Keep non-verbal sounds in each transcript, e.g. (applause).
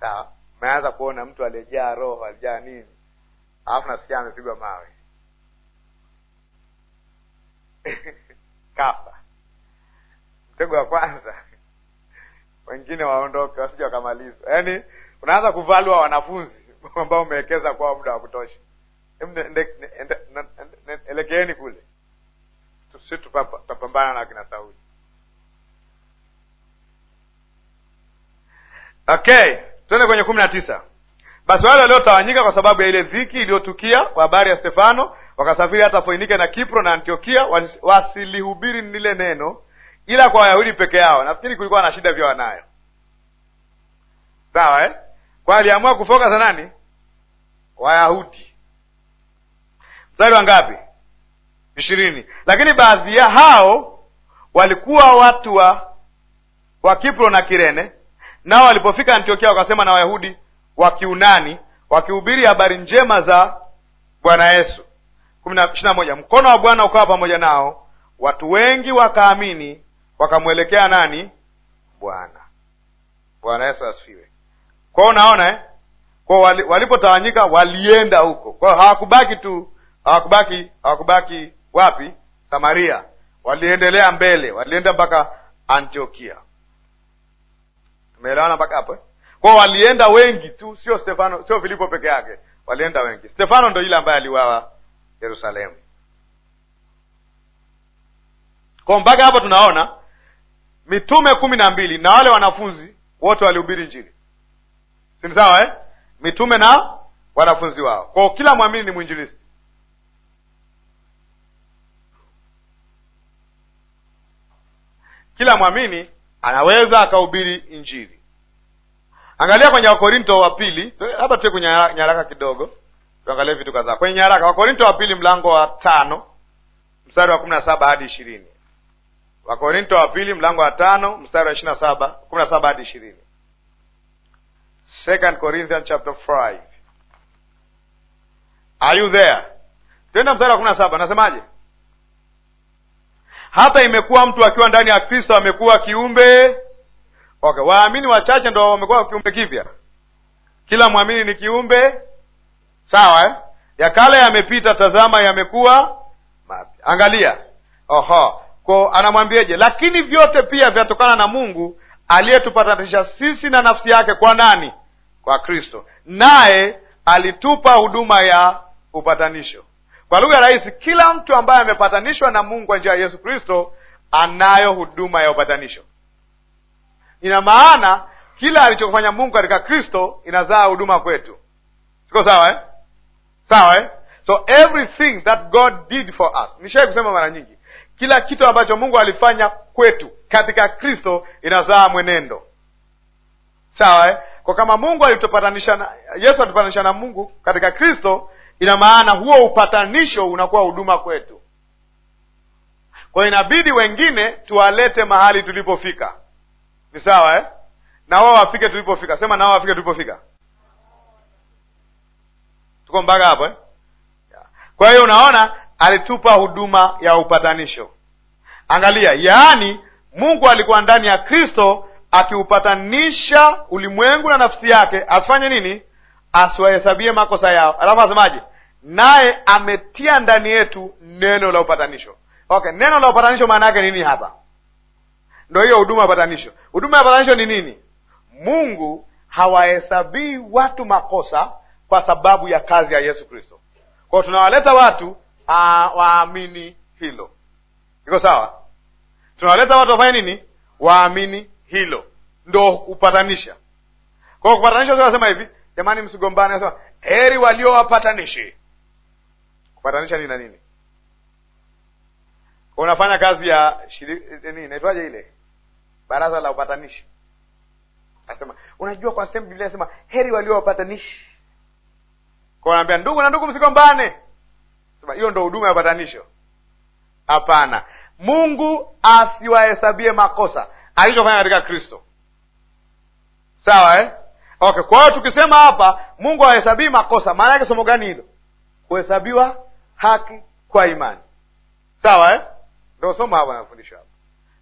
sawa. kuona mtu aliyejaa roho alijaa nini, alafu nasikia amepigwa mawe (laughs) kafa. Mtego wa kwanza wengine waondoke wasije wakamaliza. Yaani unaanza kuvalua wanafunzi (laughs) ambao umewekeza kwao muda wa kutosha. Elekeeni kule, si tutapambana na kina Sauli. Okay. Twende kwenye kumi na tisa. Basi wale waliotawanyika kwa sababu ya ile dhiki iliyotukia kwa habari ya Stefano wakasafiri hata Foinike na Kipro na Antiokia, wasilihubiri lile neno ila kwa Wayahudi peke yao. Nafikiri kulikuwa na shida vya wanayo, sawa eh? Kwa aliamua kufoka nani? Wayahudi. Mstari wa ngapi? Ishirini. Lakini baadhi ya hao walikuwa watu wa, wa Kipro na Kirene Nao walipofika Antiokia wakasema na Wayahudi wa Kiunani wakihubiri habari njema za Bwana Yesu. ishirini na moja. Mkono wa Bwana ukawa pamoja nao, watu wengi wakaamini, wakamwelekea nani? Bwana. Bwana Yesu asifiwe. Kwao unaona eh? Kwao walipotawanyika walienda huko, kwao hawakubaki tu, hawakubaki hawakubaki wapi? Samaria, waliendelea mbele, walienda mpaka Antiokia. Umeelewana mpaka hapo? Eh? Kwao walienda wengi tu, sio Stefano, sio Filipo peke yake, walienda wengi. Stefano ndo yule ambaye aliwawa Yerusalemu. Kwa mpaka hapo tunaona mitume kumi na mbili na wale wanafunzi wote walihubiri Injili, si ni sawa eh? Mitume na wanafunzi wao. Kwao kila mwamini ni mwinjilisti. Kila mwamini anaweza akahubiri Injili. Angalia kwenye Wakorinto wa pili, labda tue kwenye nyaraka kidogo, tuangalie vitu kadhaa kwenye nyaraka. Wakorinto wa pili mlango wa tano mstari wa kumi na saba hadi ishirini. Wakorinto wa pili mlango wa tano mstari wa ishirini na saba kumi na saba hadi ishirini. Second Corinthians chapter five Are you there? Tuenda mstari wa kumi na saba, nasemaje? hata imekuwa mtu akiwa ndani ya Kristo amekuwa kiumbe okay. Waamini wachache ndo wamekuwa kiumbe kipya. Kila mwamini ni kiumbe sawa, eh? ya kale yamepita, tazama yamekuwa mapya. Angalia oho ko anamwambieje? Lakini vyote pia vyatokana na Mungu aliyetupatanisha sisi na nafsi yake kwa nani? Kwa Kristo, naye alitupa huduma ya upatanisho. Kwa lugha rahisi, kila mtu ambaye amepatanishwa na Mungu kwa njia ya Yesu Kristo anayo huduma ya upatanisho. Ina maana kila alichofanya Mungu katika Kristo inazaa huduma kwetu. Siko sawa eh? Sawa eh? So everything that God did for us, nishai kusema mara nyingi, kila kitu ambacho Mungu alifanya kwetu katika Kristo inazaa mwenendo. Sawa eh? Kwa kama Mungu alitupatanisha na Yesu alitupatanisha na Mungu katika Kristo, Ina maana huo upatanisho unakuwa huduma kwetu. Kwa hiyo inabidi wengine tuwalete mahali tulipofika, ni sawa eh? na wao wafike tulipofika. Sema na wao wafike tulipofika. Tuko mpaka hapo eh? Kwa hiyo unaona, alitupa huduma ya upatanisho. Angalia, yaani Mungu alikuwa ndani ya Kristo akiupatanisha ulimwengu na nafsi yake, asifanye nini? asiwahesabie makosa yao. Alafu asemaje? Naye ametia ndani yetu neno la upatanisho. Okay, neno la upatanisho maana yake nini hapa? Ndo hiyo huduma ya upatanisho. Huduma ya upatanisho ni nini? Mungu hawahesabii watu makosa kwa sababu ya kazi ya Yesu Kristo. Kwao tunawaleta watu ah, waamini hilo, iko sawa? Tunawaleta watu wafanye nini? Waamini hilo, ndo kupatanisha. Kwao kupatanisha, tunasema hivi Jamani, msigombane. Anasema heri waliowapatanishi. Kupatanisha nini na nini? Unafanya kazi ya eh, nini, inaitwaje ile baraza la upatanishi. Asema unajua, kwa sehemu Biblia inasema heri waliowapatanishi, kwa anaambia ndugu na ndugu msigombane. Sema hiyo ndo huduma ya upatanisho? Hapana, Mungu asiwahesabie makosa alichofanya katika Kristo, sawa eh? Okay, kwa hiyo tukisema hapa Mungu ahesabii makosa, maana yake somo gani hilo? Kuhesabiwa haki kwa imani, sawa eh? Ndio somo hapa nafundisha hapa,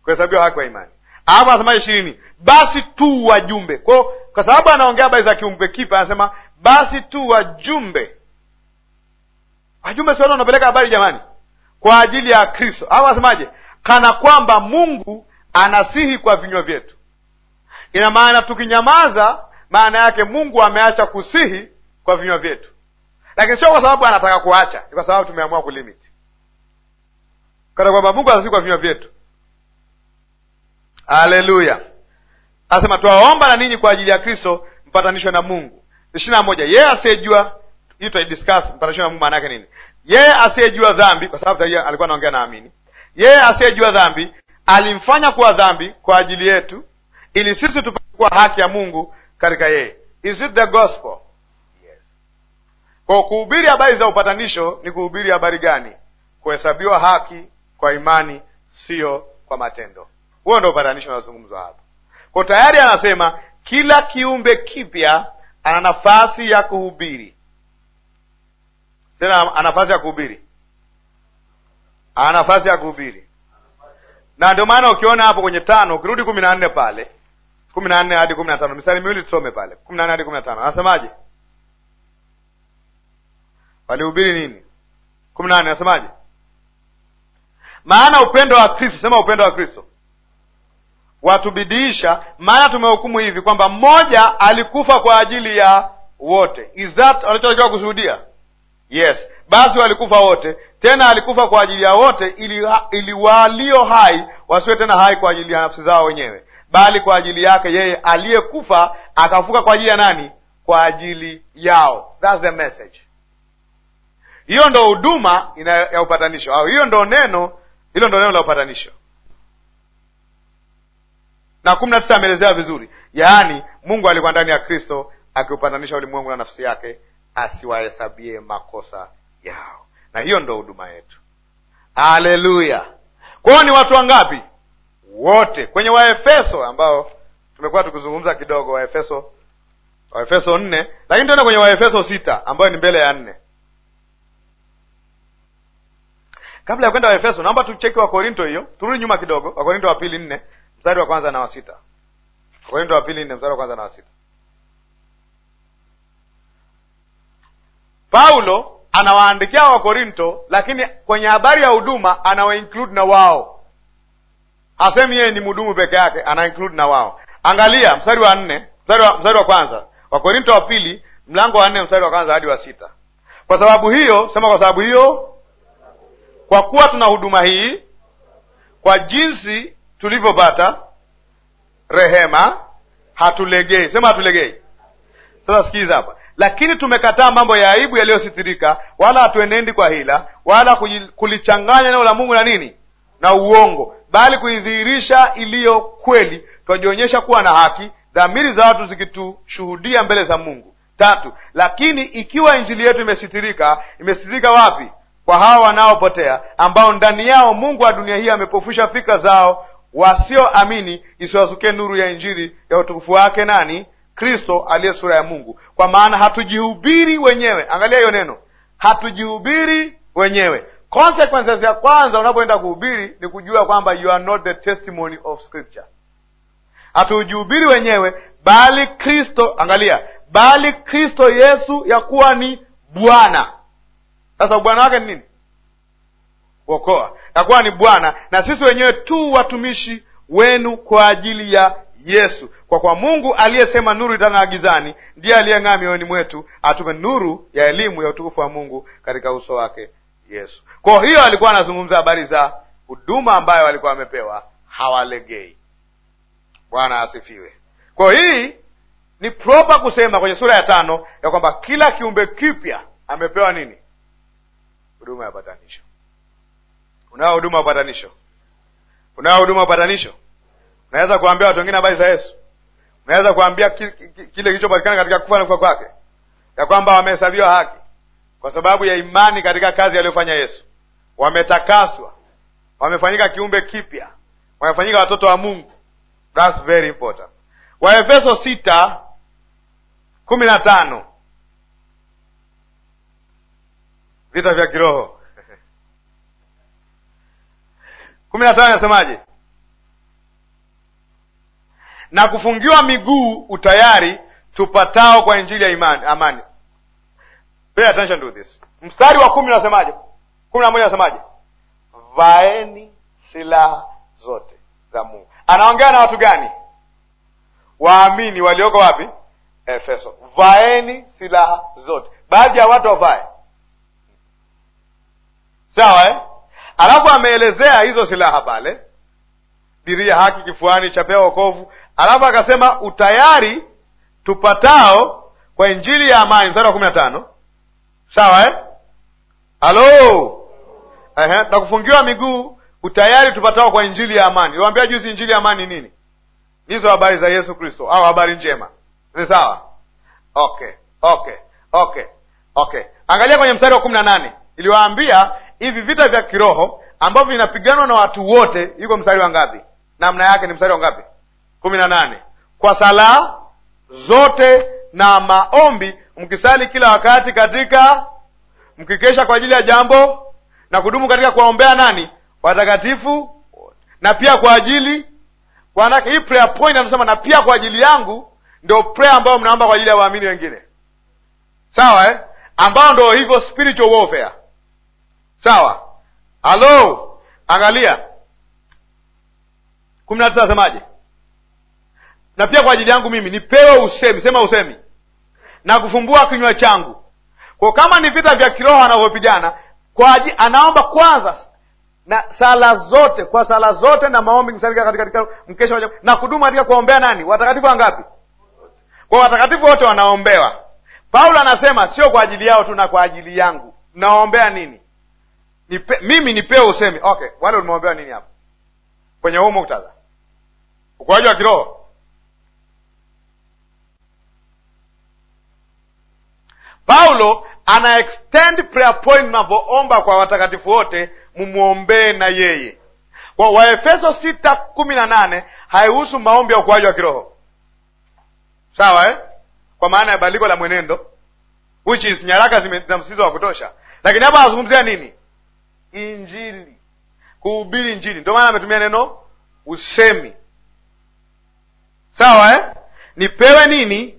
kuhesabiwa haki kwa imani. hapa anasema ishirini, basi tu wajumbe kwa, kwa sababu anaongea habari za kiumbe kipa anasema basi tu wajumbe. Wajumbe sio wanapeleka habari jamani, kwa ajili ya Kristo au asemaje Kana kwamba Mungu anasihi kwa vinywa vyetu. Ina maana tukinyamaza maana yake Mungu ameacha kusihi kwa vinywa vyetu, lakini sio kwa sababu anataka kuacha, ni kwa sababu tumeamua kulimit, kana kwamba Mungu anasihi kwa vinywa vyetu. Haleluya! Anasema twaomba na ninyi kwa ajili ya Kristo mpatanishwe na Mungu. ishirini na moja yeye asiyejua hii tutaidiscuss mpatanishwe na Mungu maana yake nini? Yeye asiyejua dhambi, kwa sababu tayari alikuwa anaongea na amini. Yeye asiyejua dhambi alimfanya kuwa dhambi kwa ajili yetu, ili sisi tupate kuwa haki ya Mungu katika yeye. Is it the gospel? Yes. Kwa kuhubiri habari za upatanisho ni kuhubiri habari gani? Kuhesabiwa haki kwa imani, siyo kwa matendo. Huo ndo upatanisho unazungumzwa hapo. Kwa tayari anasema kila kiumbe kipya ana nafasi ya kuhubiri tena, ana nafasi ya kuhubiri, ana nafasi ya kuhubiri, na ndio maana ukiona hapo kwenye tano, ukirudi kumi na nne pale kumi na nne hadi kumi na tano mistari miwili tusome pale kumi na nne hadi kumi na tano anasemaje? walihubiri nini? kumi na nne anasemaje? maana upendo wa Kristo, sema upendo wa Kristo watubidiisha, maana tumehukumu hivi kwamba mmoja alikufa kwa ajili ya wote. Is that kushuhudia? Yes, basi walikufa wote, tena alikufa kwa ajili ya wote, ili, ili walio hai wasiwe tena hai kwa ajili ya nafsi zao wenyewe, bali kwa ajili yake yeye aliyekufa akafuka kwa ajili ya nani? Kwa ajili yao. That's the message. Hiyo ndo huduma ya upatanisho, au hiyo ndo neno, hilo ndo neno la upatanisho. Na kumi na tisa ameelezea vizuri, yaani Mungu alikuwa ndani ya Kristo akiupatanisha ulimwengu na nafsi yake, asiwahesabie makosa yao. Na hiyo ndo huduma yetu. Haleluya! Kwao ni watu wangapi wote kwenye Waefeso ambao tumekuwa tukizungumza kidogo, Waefeso Waefeso nne, lakini tuenda kwenye Waefeso sita ambayo ni mbele ya nne. Kabla ya kwenda Waefeso, naomba tucheki Wakorinto hiyo, turudi nyuma kidogo. Wakorinto wa pili nne mstari wa kwanza na wa sita. Wakorinto wa pili nne mstari wa kwanza na wa sita. Paulo anawaandikia Wakorinto, lakini kwenye habari ya huduma anawa na wao hasemi yeye ni mhudumu peke yake, ana include na wao. Angalia mstari wa nne, mstari wa, mstari wa kwanza wa pili mlango wa nne mstari wa kwanza hadi wa sita. Kwa sababu hiyo, sema kwa sababu hiyo, kwa kuwa tuna huduma hii, kwa jinsi tulivyopata rehema, hatulegei. Sema hatulegei. Sasa sikiliza hapa, lakini tumekataa mambo ya aibu yaliyositirika, wala hatuenendi kwa hila, wala kulichanganya neno la Mungu na nini na uongo bali kuidhihirisha iliyo kweli, twajionyesha kuwa na haki, dhamiri za watu zikitushuhudia mbele za Mungu. Tatu, lakini ikiwa injili yetu imesitirika, imesitirika wapi? Kwa hawa wanaopotea, ambao ndani yao Mungu wa dunia hii amepofusha fikra zao wasioamini, isiwazukie nuru ya injili ya utukufu wake nani? Kristo aliye sura ya Mungu. Kwa maana hatujihubiri wenyewe, angalia hiyo neno, hatujihubiri wenyewe Consequences ya kwanza unapoenda kuhubiri ni kujua kwamba you are not the testimony of scripture. Hatujihubiri wenyewe, bali Kristo. Angalia, bali Kristo Yesu ya kuwa ni Bwana. Sasa ubwana wake ni nini? uokoa ya kuwa ni Bwana, na sisi wenyewe tu watumishi wenu kwa ajili ya Yesu, kwa kuwa Mungu aliyesema nuru itang'aa gizani, ndiye aliyeng'aa mioyoni mwetu atume nuru ya elimu ya utukufu wa Mungu katika uso wake Yesu. Kwa hiyo alikuwa anazungumza habari za huduma ambayo walikuwa wamepewa, hawalegei. Bwana asifiwe. Kwa hii ni proper kusema kwenye sura ya tano ya kwamba kila kiumbe kipya amepewa nini? Huduma ya upatanisho. unao huduma ya upatanisho? Unayo huduma ya upatanisho? Unaweza kuambia watu wengine habari za Yesu? Unaweza kuambia kile kilichopatikana katika kufa na kufa kwake, ya kwamba wamehesabiwa haki kwa sababu ya imani katika kazi aliyofanya Yesu. Wametakaswa, wamefanyika kiumbe kipya, wamefanyika watoto wa Mungu. That's very important. Waefeso sita kumi na tano vita vya kiroho (laughs) kumi na tano inasemaje? na kufungiwa miguu utayari tupatao kwa injili ya imani, amani. Pay attention to this. Mstari wa kumi nasemaje kumi na moja nasemaje Vaeni silaha zote za Mungu. Anaongea na watu gani? Waamini walioko wapi? Efeso. Vaeni silaha zote, baadhi ya watu wavae, sawa eh? Alafu ameelezea hizo silaha pale, diria haki kifuani, chapea wokovu, alafu akasema utayari tupatao kwa injili ya amani, mstari wa kumi na tano sawa eh? Halo, na kufungiwa miguu utayari tupatao kwa injili ya amani. iwambia juzi injili ya amani nini? Hizo habari za Yesu Kristo au habari njema, ni sawa? Okay, okay, okay, okay. Angalia kwenye mstari wa kumi na nane iliwaambia hivi vita vya kiroho ambavyo vinapiganwa na watu wote. Iko mstari wa ngapi? Namna yake ni mstari wa ngapi? kumi na nane. Kwa sala zote na maombi mkisali kila wakati katika mkikesha kwa ajili ya jambo na kudumu katika kuwaombea nani watakatifu na pia kwa ajili Wanake, hii prayer point anasema na pia kwa ajili yangu, ndio prayer ambayo mnaomba kwa ajili ya waamini wengine, sawa eh? ambao ndio hivyo spiritual warfare, sawa. Halo, angalia kumi na tisa, Na pia kwa ajili yangu mimi nipewe usemi, sema usemi na kufumbua kinywa changu. Kwa kama ni vita vya kiroho anavyopigana kwa aji, anaomba kwanza na sala zote kwa sala zote na maombi msalika katika mkesha wa na kudumu katika kuombea nani watakatifu wangapi? Kwa watakatifu wote wanaombewa. Paulo anasema sio kwa ajili yao tu na kwa ajili yangu. Naombea nini? Nipe, mimi nipewe useme. Okay, wale ulimeombewa nini hapo? Kwenye huu muktadha. Ukuaji wa kiroho Paulo ana extend prayer point, mnavyoomba kwa watakatifu wote mumwombee na yeye. Kwa Waefeso sita kumi na nane haihusu maombi ya ukuaji wa kiroho sawa, eh? kwa maana ya badiliko la mwenendo which is nyaraka zina msisitizo wa kutosha, lakini hapa anazungumzia nini? Injili, kuhubiri Injili. Ndio maana ametumia neno usemi, sawa eh? nipewe nini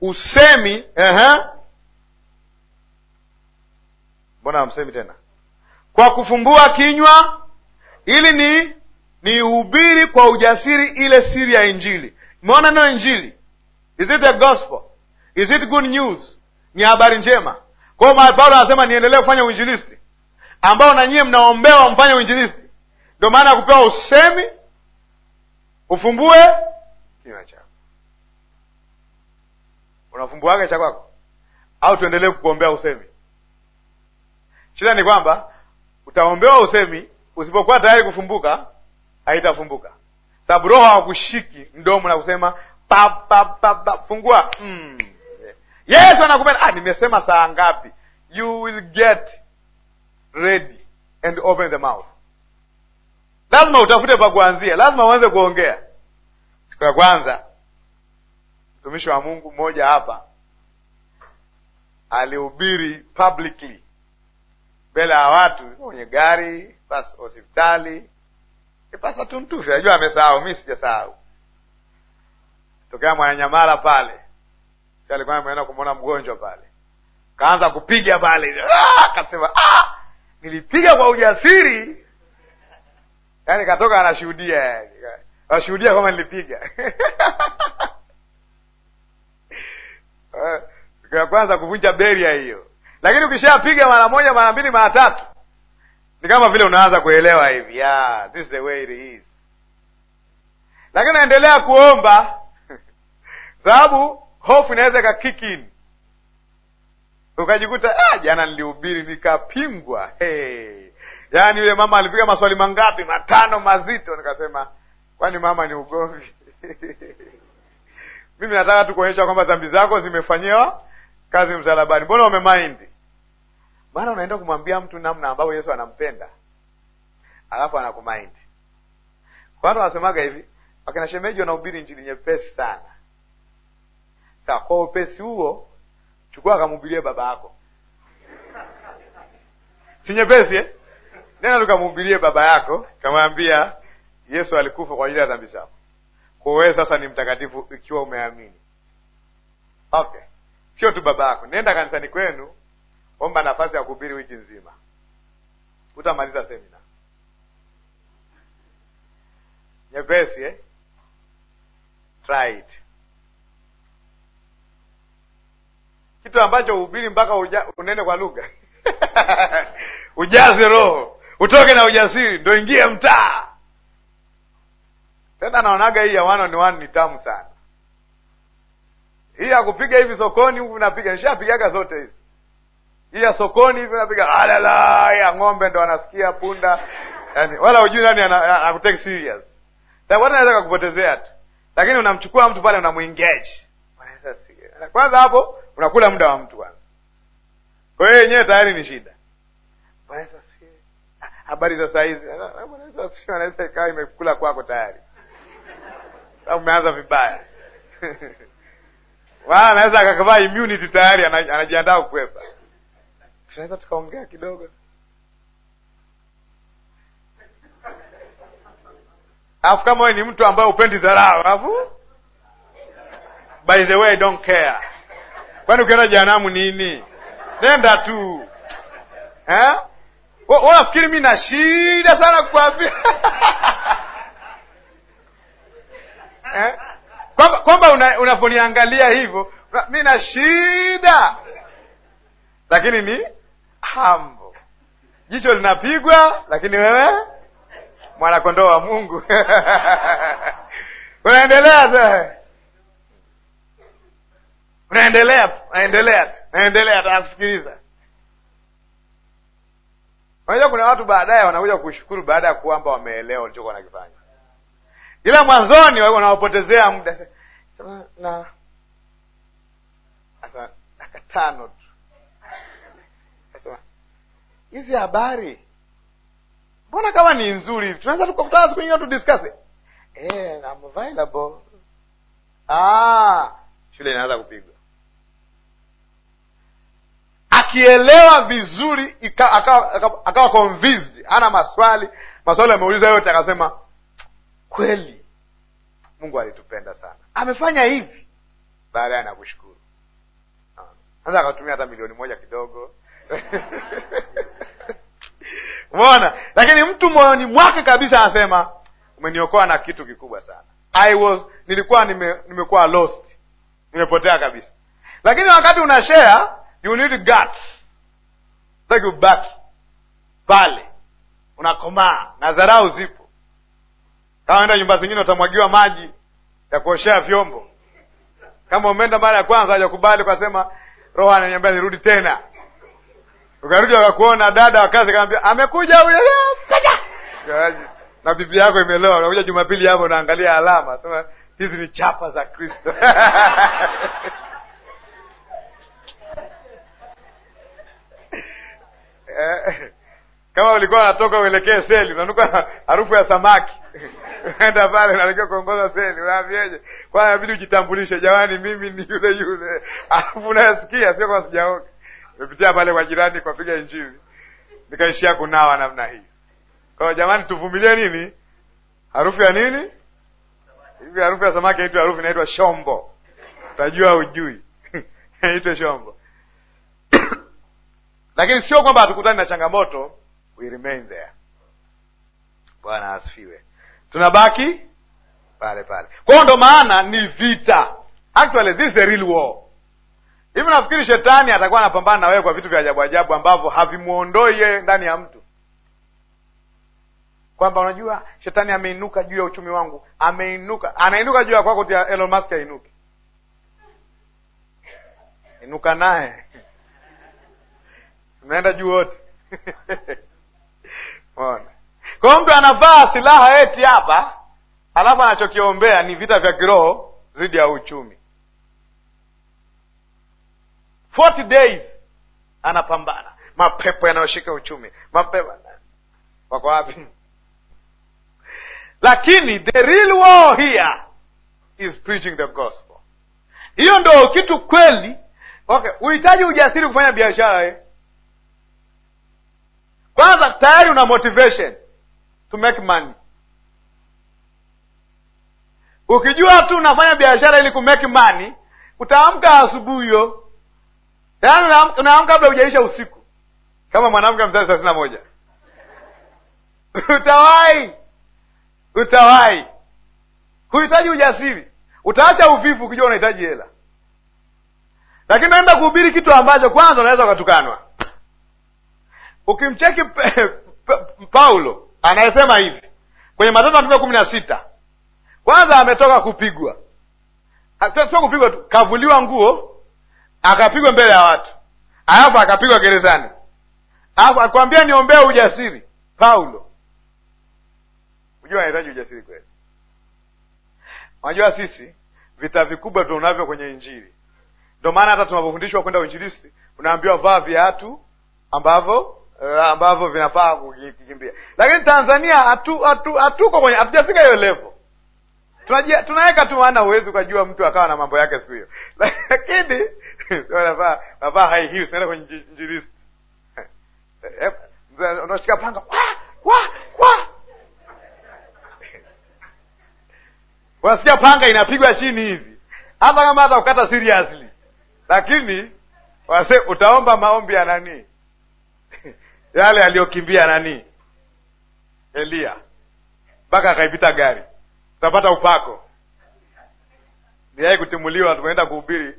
usemi, uh -huh mbona hamsemi tena? Kwa kufumbua kinywa ili ni niihubiri kwa ujasiri ile siri ya Injili. Umeona neno Injili, is it a gospel, is it good news? Ni habari njema. Kwa hiyo Paulo anasema niendelee kufanya uinjilisti ambao na nyie mnaombewa mfanye uinjilisti. Ndio maana ya kupewa usemi, ufumbue kinywa chako. Unafumbuaga cha kwako au tuendelee kukuombea usemi? Shida ni kwamba utaombewa usemi, usipokuwa tayari kufumbuka haitafumbuka, sababu Roho hawakushiki mdomo na kusema pa, pa, pa, pa, fungua mm. Yesu anakupenda. Ah, nimesema saa ngapi? You will get ready and open the mouth. Lazima utafute pa kuanzia, lazima uanze kuongea. Siku ya kwanza mtumishi wa Mungu mmoja hapa alihubiri publicly mbele ya watu mwenye gari basi hospitali ipasa e, tumtufe, ajua amesahau, mi sijasahau. Tokea Mwananyamala pale alikuwa ameenda kumwona mgonjwa pale, kaanza kupiga pale, ah, akasema ah, nilipiga kwa ujasiri, yani katoka anashuhudia, anashuhudia kama nilipiga (laughs) eh, ya kwanza kuvunja beria hiyo lakini ukishapiga mara moja, mara mbili, mara tatu, ni kama vile unaanza kuelewa hivi, yeah, this is the way it is. Lakini naendelea kuomba (laughs) sababu hofu inaweza ika kick in, ukajikuta ah, jana nilihubiri nikapingwa. Hey, yaani yule mama alipiga maswali mangapi? Matano mazito. Nikasema kwani mama ni ugomvi? (laughs) Mimi nataka tu kuonyesha kwamba dhambi zako zimefanyiwa kazi msalabani. Mbona umemaindi maana unaenda kumwambia mtu namna ambavyo Yesu anampenda alafu anakumaindi. Kwa watu wanasemaga hivi, wakina shemeji wanahubiri injili nyepesi sana. Sa, kwa upesi huo chukua akamhubirie baba yako, si nyepesi eh? Nena tukamhubirie baba yako, kamwambia Yesu alikufa kwa ajili ya dhambi zako, kwa wewe sasa ni mtakatifu ikiwa umeamini. Okay, sio tu baba yako, nenda kanisani kwenu omba nafasi ya kuhubiri wiki nzima, utamaliza semina nyepesi eh? Try it. Kitu ambacho uhubiri mpaka unene kwa lugha (laughs) ujaze roho, utoke na ujasiri, ndo ingie mtaa tena. Naonaga hii ya one on one ni tamu sana, hii ya kupiga hivi sokoni huku, napiga nishapigaga zote hizi ila sokoni hivi napiga alala ya ng'ombe ndo anasikia punda yani, wala ujui nani anakutake serious watu anaweza kakupotezea tu, lakini unamchukua mtu pale unamwingeji kwanza, hapo unakula muda wa mtu kwanza, kwa hiyo yenyewe tayari ni shida. Habari za saa hizi anaweza ikawa imekula kwako tayari, umeanza vibaya (laughs) wala anaweza akakavaa immunity tayari, anajiandaa kukwepa tunaweza tukaongea kidogo alafu kama wewe ni mtu ambaye upendi dharau alafu by the way don't care kwani ukienda janamu nini nenda tu eh? nafikiri mi na shida sana kukwambia (laughs) eh? kwamba, kwamba unavyoniangalia una hivyo mi na shida, lakini ni humble. Jicho linapigwa, lakini wewe mwanakondoo wa Mungu (laughs) unaendelea sasa, unaendelea tu, naendelea naendelea nakusikiliza. Unajua, kuna watu baadaye wanakuja kushukuru baada ya kuamba wameelewa ulichokuwa nakifanya, ila mwanzoni wanawapotezea muda na, asa na katano tu hizi habari mbona kama ni nzuri hivi, tunaweza tukafuta siku nyingine tudiscuss. Eh, ah, shule inaanza kupigwa. Akielewa vizuri akawa convinced, ana maswali maswali ameuliza yote, akasema kweli Mungu alitupenda sana, amefanya hivi. Baadaye nakushukuru, anza akatumia hata milioni moja kidogo (laughs) umeona lakini mtu moyoni mwake kabisa anasema umeniokoa na kitu kikubwa sana I was nilikuwa nime, nimekuwa lost nimepotea kabisa lakini wakati una share you need guts like pale unakomaa na dharau zipo kama enda nyumba zingine utamwagiwa maji ya kuoshea vyombo kama umeenda mara ya kwanza hajakubali kasema roho ananiambia nirudi tena ukarudi wakakuona dada, wakazi kaambia amekuja huyo na bibi yako imelewa, unakuja Jumapili hapo unaangalia alama, sema hizi ni chapa za Kristo. (laughs) Eh, kama ulikuwa unatoka uelekee seli, unanuka harufu ya samaki enda pale, unaelekea kuongoza seli, unaambiaje? Kwanza inabidi ujitambulishe, jamani, mimi ni yule yule, alafu unayosikia sio kwa sijaoka mepitia pale kwa jirani kwapiga injili nikaishia kunawa namna hii. kwao. jamani, tuvumilie nini? Harufu ya nini hivi? Harufu ya samaki inaitwa harufu, inaitwa shombo. Utajua ujui (laughs) inaitwa shombo (coughs) lakini sio kwamba hatukutani na changamoto, we remain there. Bwana asifiwe, tunabaki pale pale. Kwao ndo maana ni vita, actually this is a real war Hivi nafikiri shetani atakuwa anapambana na wewe kwa vitu vya ajabu ajabu ambavyo havimwondoi yeye ndani ya mtu, kwamba unajua shetani ameinuka juu ya uchumi wangu, ameinuka, anainuka juu ya kwako, tia Elon Musk ainuke, inuka naye (laughs) unaenda juu wote (laughs) ona. Kwa hiyo mtu anavaa silaha eti hapa, alafu anachokiombea ni vita vya kiroho dhidi ya uchumi. 40 days anapambana mapepo yanayoshika uchumi mapepo wako wapi? (laughs) Lakini the real war here is preaching the gospel. Hiyo ndo kitu kweli. Okay, uhitaji ujasiri kufanya biashara eh? Kwanza tayari una motivation to make money. Ukijua tu unafanya biashara ili kumake money, utaamka asubuhi hiyo tayari unaamka kabla hujaisha usiku kama mwanamke mstari thelathini na moja (laughs) utawahi utawahi huhitaji ujasiri utaacha uvivu ukijua unahitaji hela lakini naenda kuhubiri kitu ambacho kwanza unaweza ukatukanwa ukimcheki (laughs) paulo anayesema hivi kwenye matendo ya kumi na sita kwanza ametoka kupigwa sio kupigwa tu kavuliwa nguo akapigwa mbele ya watu, alafu akapigwa gerezani, alafu akwambia niombee ujasiri Paulo. Unajua anahitaji ujasiri kweli. Unajua sisi vita vikubwa tunavyo kwenye Injili, ndio maana hata tunapofundishwa kwenda uinjilisti unaambiwa vaa viatu ambavyo eh, ambavyo vinafaa kukimbia, lakini Tanzania hatuko atu, atu kwenye hatujafika hiyo levo. Tunaweka tu, maana huwezi ukajua mtu akawa na mambo yake siku hiyo, (laughs) lakini (laughs) wanavaa high heels, naenda kwenye (laughs) unashika panga (laughs) unasikia panga inapigwa chini hivi, hata kama hata ukata seriously, lakini wase utaomba maombi ya nani yale aliyokimbia nani Elia mpaka akaipita gari, utapata upako. Niai kutimuliwa, tumeenda kuhubiri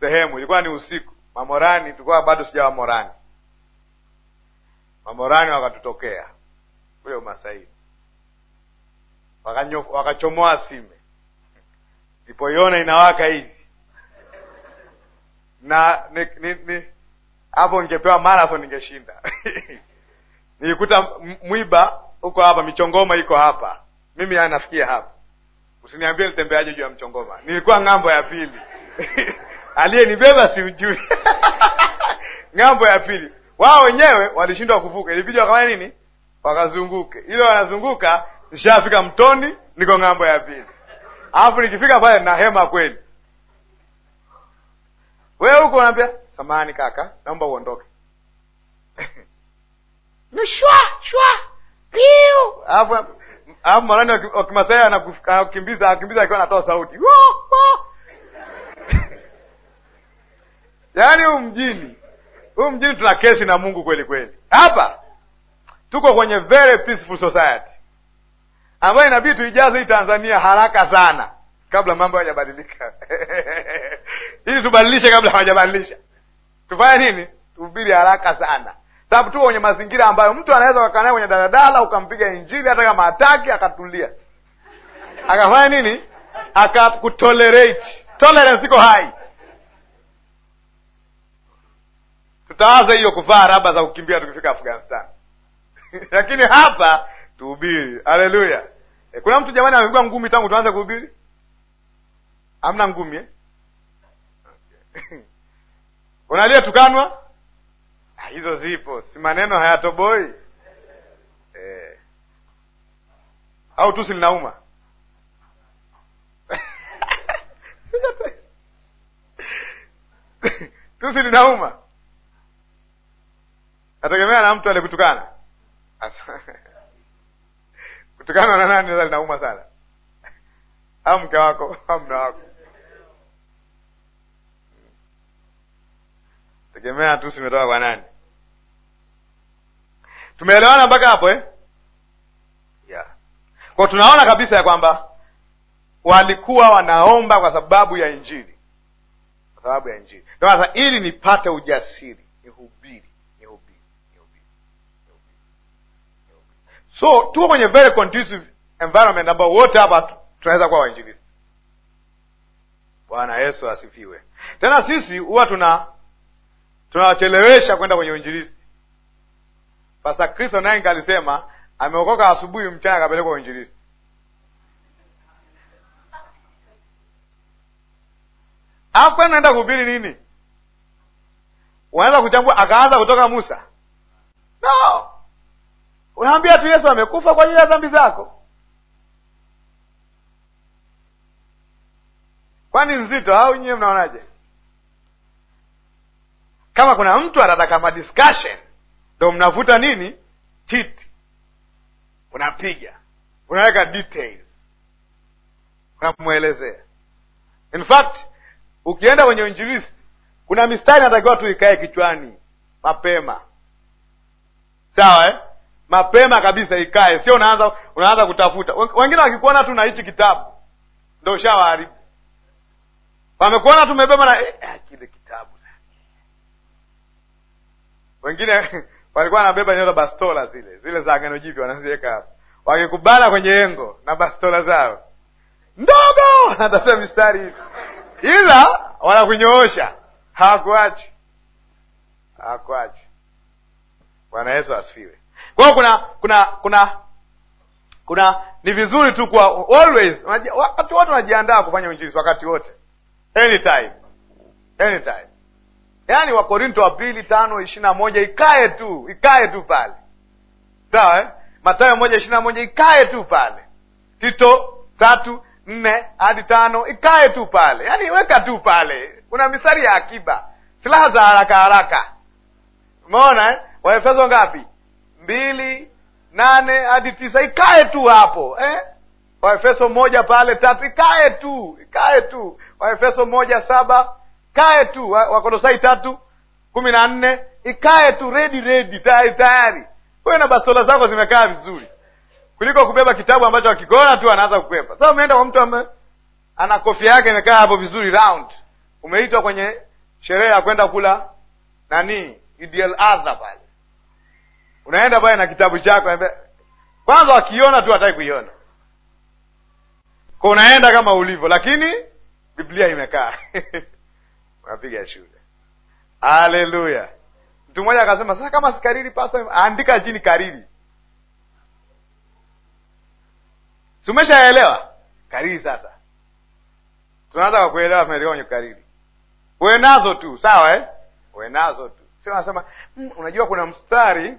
sehemu, ilikuwa ni usiku. Mamorani tulikuwa bado sijawa Morani, Mamorani wakatutokea kule Umasaini, wakachomoa sime, nipoiona inawaka hivi na ni, ni, ni hapo ningepewa marathon ningeshinda. (laughs) Nilikuta mwiba huko hapa, michongoma iko hapa, mimi anafikia hapa. Usiniambie nitembeaje juu ya mchongoma, nilikuwa ng'ambo ya pili. (laughs) aliyenibeba simjui. (laughs) Ng'ambo ya pili, wao wenyewe walishindwa kuvuka, ilibidi wakafanya nini? Wakazunguke. Ile wanazunguka, nishafika mtoni, niko ng'ambo ya pili, alafu nikifika pale na hema kweli. Wewe huko unaambia samani kaka, naomba uondoke. (laughs) nishwa shwa piu, alafu alafu marani wakimasai anakukimbiza akimbiza akiwa anatoa sauti wo, wo. Yaani huu mjini, huu mjini tuna kesi na Mungu kweli kweli. Hapa tuko kwenye very peaceful society ambayo inabidi tuijaze hii Tanzania haraka sana kabla mambo hayajabadilika (laughs) ili tubadilishe kabla hawajabadilisha. Tufanye nini? Tuhubiri haraka sana, sababu tuko kwenye mazingira ambayo mtu anaweza ukakaa kwenye daladala ukampiga Injili hata kama hataki, akatulia akafanya nini, akakutolerate. Tolerance iko hai tutawaza hiyo kuvaa raba za kukimbia tukifika Afghanistan (laughs) lakini hapa tuhubiri. Haleluya! E, kuna mtu jamani amepigwa ngumi tangu tuanze kuhubiri? Hamna ngumi eh? kuna (laughs) tukanwa? Ah, hizo zipo, si maneno hayatoboi eh. au tusi linauma (laughs) tusi linauma nategemea na mtu alikutukana (laughs) kutukana na nani sasa linauma sana au mke wako au wako tegemea tu simetoka kwa nani tumeelewana mpaka hapo eh? yeah. kwa tunaona kabisa ya kwamba walikuwa wanaomba kwa sababu ya injili kwa sababu ya injili ndio sasa ili nipate ujasiri nihubiri So tuko kwenye very conducive environment ambao wote hapa tunaweza kuwa wainjilisti. Bwana Yesu asifiwe. Tena sisi huwa tuna tunawachelewesha kwenda kwenye uinjilisti. pasa Kristo nainga alisema ameokoka asubuhi, mchana akapelekwa uinjilisti. Hapo naenda kuhubiri nini? Wanaweza kuchambua akaanza kutoka Musa? No unamwambia tu Yesu amekufa kwa ajili ya dhambi zako. Kwani nzito au nyiwe mnaonaje? Kama kuna mtu anataka ma ndo mnavuta nini titi, unapiga unaweka details, unamwelezea. In fact ukienda kwenye injilisti kuna mistari natakiwa tu ikae kichwani mapema, sawa eh? mapema kabisa ikae, sio unaanza unaanza kutafuta. Wengine wakikuona tu na hichi kitabu ndo ushawaharibu, wamekuona tumebeba na eh, eh kile kitabu. Wengine (laughs) walikuwa wanabeba eneo la bastola zile zile za Agano Jipya, wanaziweka hapo, wakikubana kwenye engo na bastola zao ndogo, (laughs) natafuta mistari hivi, ila wanakunyoosha, hawakuachi hawakuachi. Bwana Yesu asifiwe. Kwa kuna kuna kuna kuna ni vizuri tu kuwa always, wakati wote wanajiandaa kufanya uinjilisi wakati wote, anytime anytime. Yaani Wakorinto wa pili tano ishirini na moja ikae tu ikae tu pale, sawa eh? Matayo moja ishirini na moja ikae tu pale, Tito tatu nne hadi tano ikae tu pale, yaani weka tu pale. Kuna misari ya akiba, silaha za haraka haraka, umeona eh? ngapi? mbili nane hadi tisa ikae tu hapo eh? Waefeso moja pale tatu ikae tu ikae tu. Waefeso moja saba ikae tu. Wakolosai tatu kumi na nne ikae tu, redi redi, tayari tayari. Wewe na bastola zako zimekaa vizuri kuliko kubeba kitabu ambacho akikona tu anaanza kukwepa. Sasa umeenda kwa mtu ambaye ana kofia yake imekaa hapo vizuri round, umeitwa kwenye sherehe ya kwenda kula nani idl Adha pale unaenda bwana na kitabu chako, ambe kwanza wakiona tu hataki kuiona kwa, unaenda kama ulivyo, lakini Biblia imekaa (laughs) unapiga shule. Haleluya! Mtu mmoja akasema, sasa kama sikariri, pasta andika chini kariri, si umeshaelewa kariri. Sasa tunaanza kwa kuelewa, tunaelekea kwenye kariri. Uwe nazo tu sawa, eh? Uwe nazo tu sio, anasema mmm, unajua kuna mstari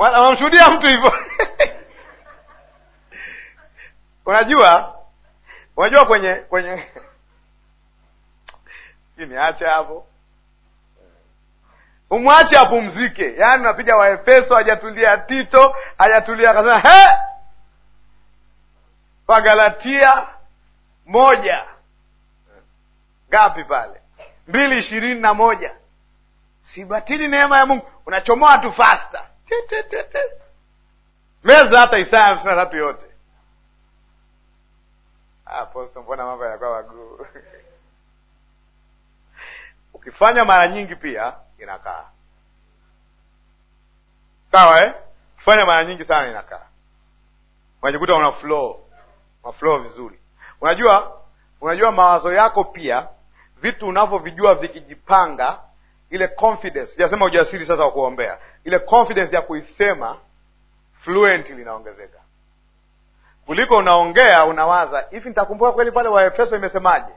wanamshuhudia mtu hivyo (laughs) unajua unajua kwenye kwenye (laughs) niache hapo umwache apumzike. Yaani unapiga Waefeso, hajatulia Tito, hajatulia akasema he, Wagalatia moja ngapi pale, mbili ishirini na moja sibatili neema ya Mungu, unachomoa tu fasta meza hata Isaya hamsini na tatu yote. Aposto, ah, mbona mambo yanakuwa maguu? (laughs) Ukifanya mara nyingi pia inakaa sawa eh? Ukifanya mara nyingi sana inakaa, unajikuta una flow una flow vizuri. Unajua, unajua mawazo yako pia, vitu unavyovijua vikijipanga, ile confidence, sijasema ujasiri sasa wa kuombea ile confidence ya kuisema fluently inaongezeka kuliko unaongea unawaza hivi, nitakumbuka kweli pale Waefeso imesemaje?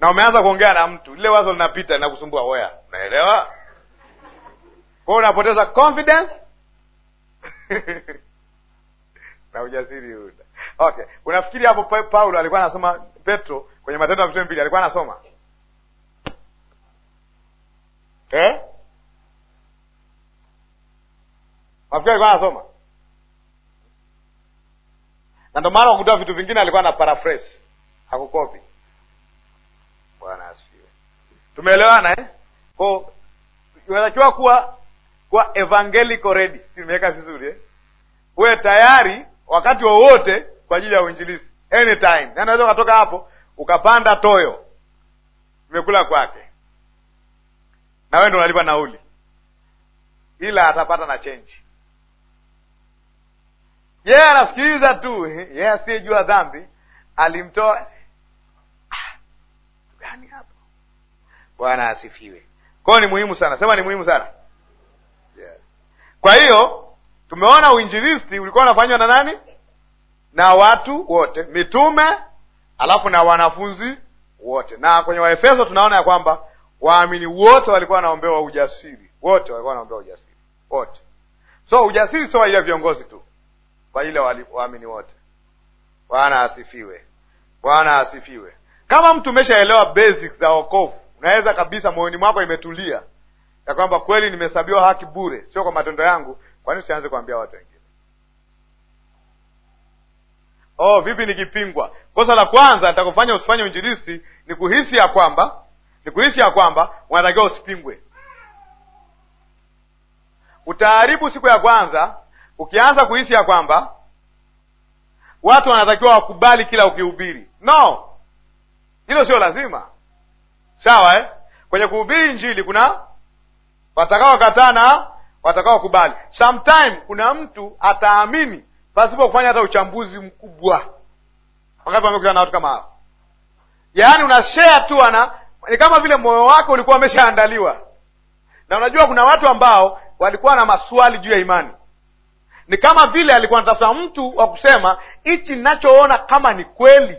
Na umeanza kuongea na mtu, lile wazo linapita linakusumbua wewe, unaelewa? Kwa unapoteza confidence (laughs) na ujasiri huda. Okay, unafikiri hapo Paulo alikuwa anasoma Petro kwenye Matendo ya Mitume mbili alikuwa anasoma eh? Nafikiri alikuwa anasoma na ndio maana wakutoa vitu vingine alikuwa na parafres hakukopi. Bwana asifiwe. Tumeelewana eh? Ko unatakiwa kuwa kuwa evangelical ready, imeweka vizuri eh? Uwe tayari wakati wowote wa kwa ajili ya uinjilisi anytime. Yaani unaweza ukatoka hapo ukapanda toyo, umekula kwake, na wendo ndo unalipa nauli, ila atapata na chenji yeye yeah, anasikiliza tu yeye yeah, asiyejua dhambi alimtoa gani hapo bwana asifiwe kwao ni muhimu sana sema ni muhimu sana yeah. kwa hiyo tumeona uinjilisti ulikuwa unafanywa na nani na watu wote mitume alafu na wanafunzi wote na kwenye waefeso tunaona ya kwamba waamini wote walikuwa wanaombewa ujasiri wote walikuwa wanaombewa ujasiri wote so ujasiri sio ile viongozi tu kwa ajili ya waamini wote. Bwana asifiwe, Bwana asifiwe. Kama mtu umeshaelewa basic za wokovu, unaweza kabisa, moyoni mwako imetulia ya kwamba kweli nimehesabiwa haki bure, sio kwa matendo yangu. kwanii sianze usianze kuambia watu wengine? Oh, vipi nikipingwa? Kosa la kwanza nitakufanya usifanye uinjilisti ni kuhisi ya kwamba ni kuhisi ya kwamba wanatakiwa usipingwe. Utaharibu siku ya kwanza ukianza kuhisi ya kwamba watu wanatakiwa wakubali kila ukihubiri, no, hilo sio lazima. Sawa eh? Kwenye kuhubiri Injili kuna wakataa na wakubali. Sometime kuna mtu ataamini pasipo kufanya hata uchambuzi mkubwa. Wakati wamekutana na watu kama hao, yaani unashea tu, ana ni kama vile moyo wako ulikuwa umeshaandaliwa. Na unajua kuna watu ambao walikuwa na maswali juu ya imani ni kama vile alikuwa anatafuta mtu wa kusema hichi nachoona kama ni kweli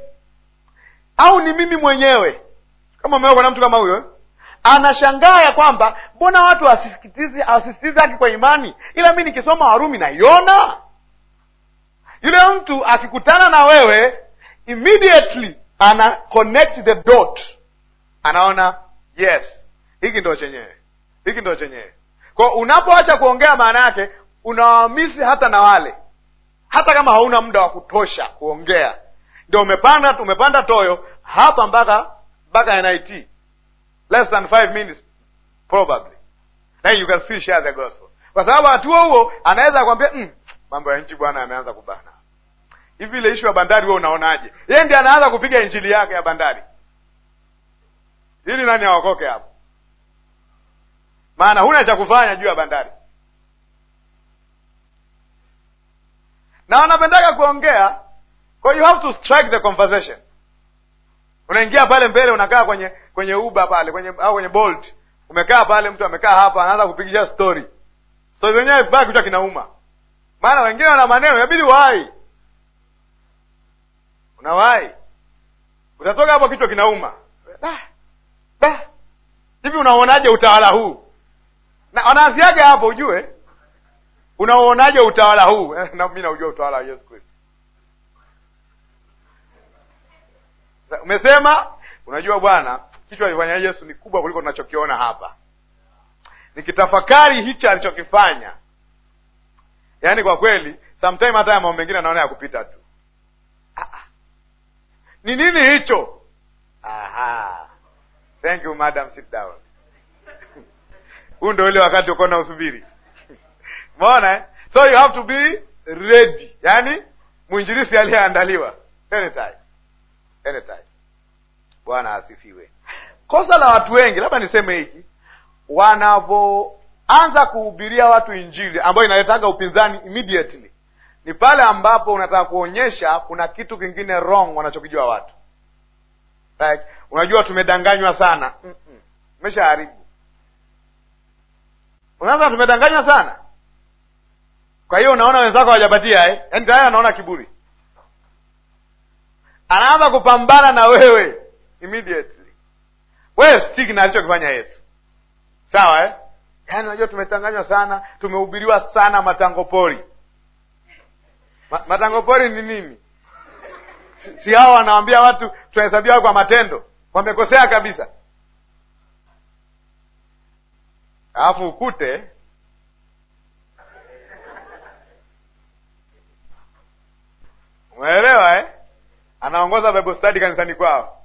au ni mimi mwenyewe. Kama umeoka na mtu kama huyo, eh? anashangaa ya kwamba mbona watu wasisitizi haki kwa imani, ila mi nikisoma Warumi naiona. Yule mtu akikutana na wewe immediately ana connect the dot, anaona yes, hiki ndo chenyewe, hiki ndo chenyewe. Kwa unapoacha kuongea, maana yake unawamisi hata na wale, hata kama hauna muda wa kutosha kuongea. Ndio umepanda umepanda toyo hapa mpaka mpaka NIT, less than five minutes probably, then you can still share the gospel, kwa sababu hatua huo anaweza kuambia mm, mambo ya nchi bwana yameanza kubana hivi. Ile ishu ya bandari, wewe unaonaje? Yeye ndiye anaanza kupiga injili yake ya bandari, ili nani awakoke hapo? Maana huna cha kufanya juu ya bandari. na wanapendaga kuongea, kwa you have to strike the conversation. Unaingia pale mbele, unakaa kwenye kwenye uba pale kwenye au kwenye Bolt, umekaa pale, mtu amekaa hapa, anaanza kupigisha story story zenyewe vibaya kichwa kinauma, maana wengine wana maneno, inabidi wai unawai utatoka hapo kichwa kinauma. hivi unaonaje utawala huu? Na wanaanziaga hapo, ujue Unauonaje utawala huu? (laughs) Na mi naujua utawala wa Yesu Kristo. Umesema unajua Bwana, kichwa alifanya Yesu ni kubwa kuliko tunachokiona hapa. Nikitafakari hicho alichokifanya, yaani kwa kweli samtime hata ya mambo mengine anaona ya kupita tu. Ni nini hicho? Aha. Thank you madam, sit down. (laughs) Huu ndo ule wakati ukona usubiri Umeona eh? So you have to be ready, yaani mwinjilisi aliyeandaliwa anytime, anytime. Bwana asifiwe. Kosa la watu wengi, labda niseme hiki, wanavyoanza kuhubiria watu injili ambayo inaletaga upinzani immediately ni pale ambapo unataka kuonyesha kuna kitu kingine wrong wanachokijua watu like, unajua tumedanganywa sana, haribu Unaanza tumedanganywa sana kwa hiyo unaona wenzako hawajapatia eh? Yaani tayari anaona kiburi, anaanza kupambana na wewe immediately. Wewe na alichokifanya Yesu, sawa eh? Yaani unajua tumetanganywa sana, tumehubiriwa sana matango pori. Ma, matango pori ni nini? Si, hao wanawambia watu tunahesabia kwa matendo, wamekosea kabisa, alafu ukute anaongoza Bible study kanisani kwao,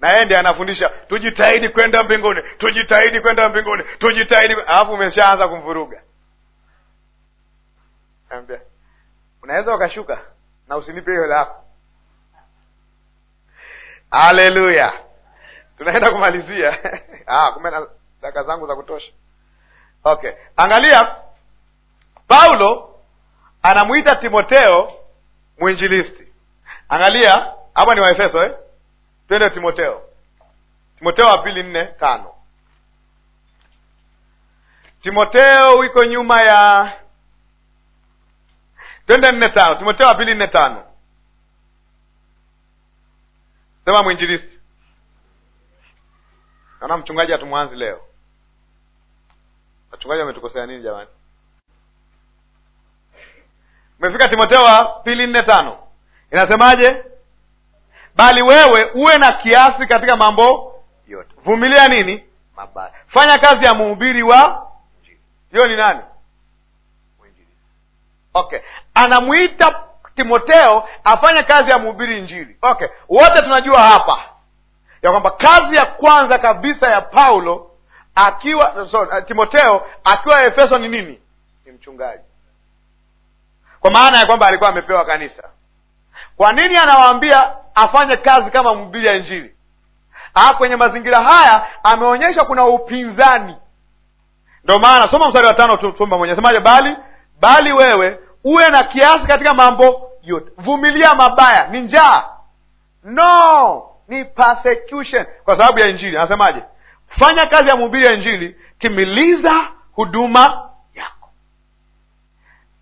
na yeye ndiye anafundisha tujitahidi kwenda mbinguni, tujitahidi kwenda mbinguni, tujitahidi, alafu umeshaanza kumvuruga. ambia unaweza ukashuka na usinipe hiyo lako. Haleluya, tunaenda kumalizia. (laughs) Ah, kumbe na daka zangu za kutosha. Okay, angalia Paulo anamwita Timoteo mwinjilisti Angalia hapa ni Waefeso eh? Twende Timoteo, Timoteo wa pili nne tano. Timoteo iko nyuma ya, twende nne tano. Timoteo wa pili nne tano, sema mwinjilisti. Naona mchungaji atumwanzi leo. Wachungaji wametukosea nini jamani? mefika Timoteo wa pili nne tano. Inasemaje? Bali wewe uwe na kiasi katika mambo yote, vumilia nini mabaya, fanya kazi ya mhubiri wa Hiyo ni nani? Okay, anamwita Timoteo afanye kazi ya mhubiri Injili. Okay, wote tunajua hapa ya kwamba kazi ya kwanza kabisa ya Paulo akiwa sorry, eh, Timoteo akiwa Efeso ni nini? Ni mchungaji, kwa maana ya kwamba alikuwa amepewa kanisa kwa nini anawaambia afanye kazi kama mhubiri ya Injili? Ah, kwenye mazingira haya ameonyesha kuna upinzani. Ndio maana soma mstari wa tano tu, tumba mwenye semaje? Bali bali wewe uwe na kiasi katika mambo yote, vumilia mabaya. Ni njaa? No, ni persecution kwa sababu ya Injili. Anasemaje? Fanya kazi ya mhubiri ya Injili, timiliza huduma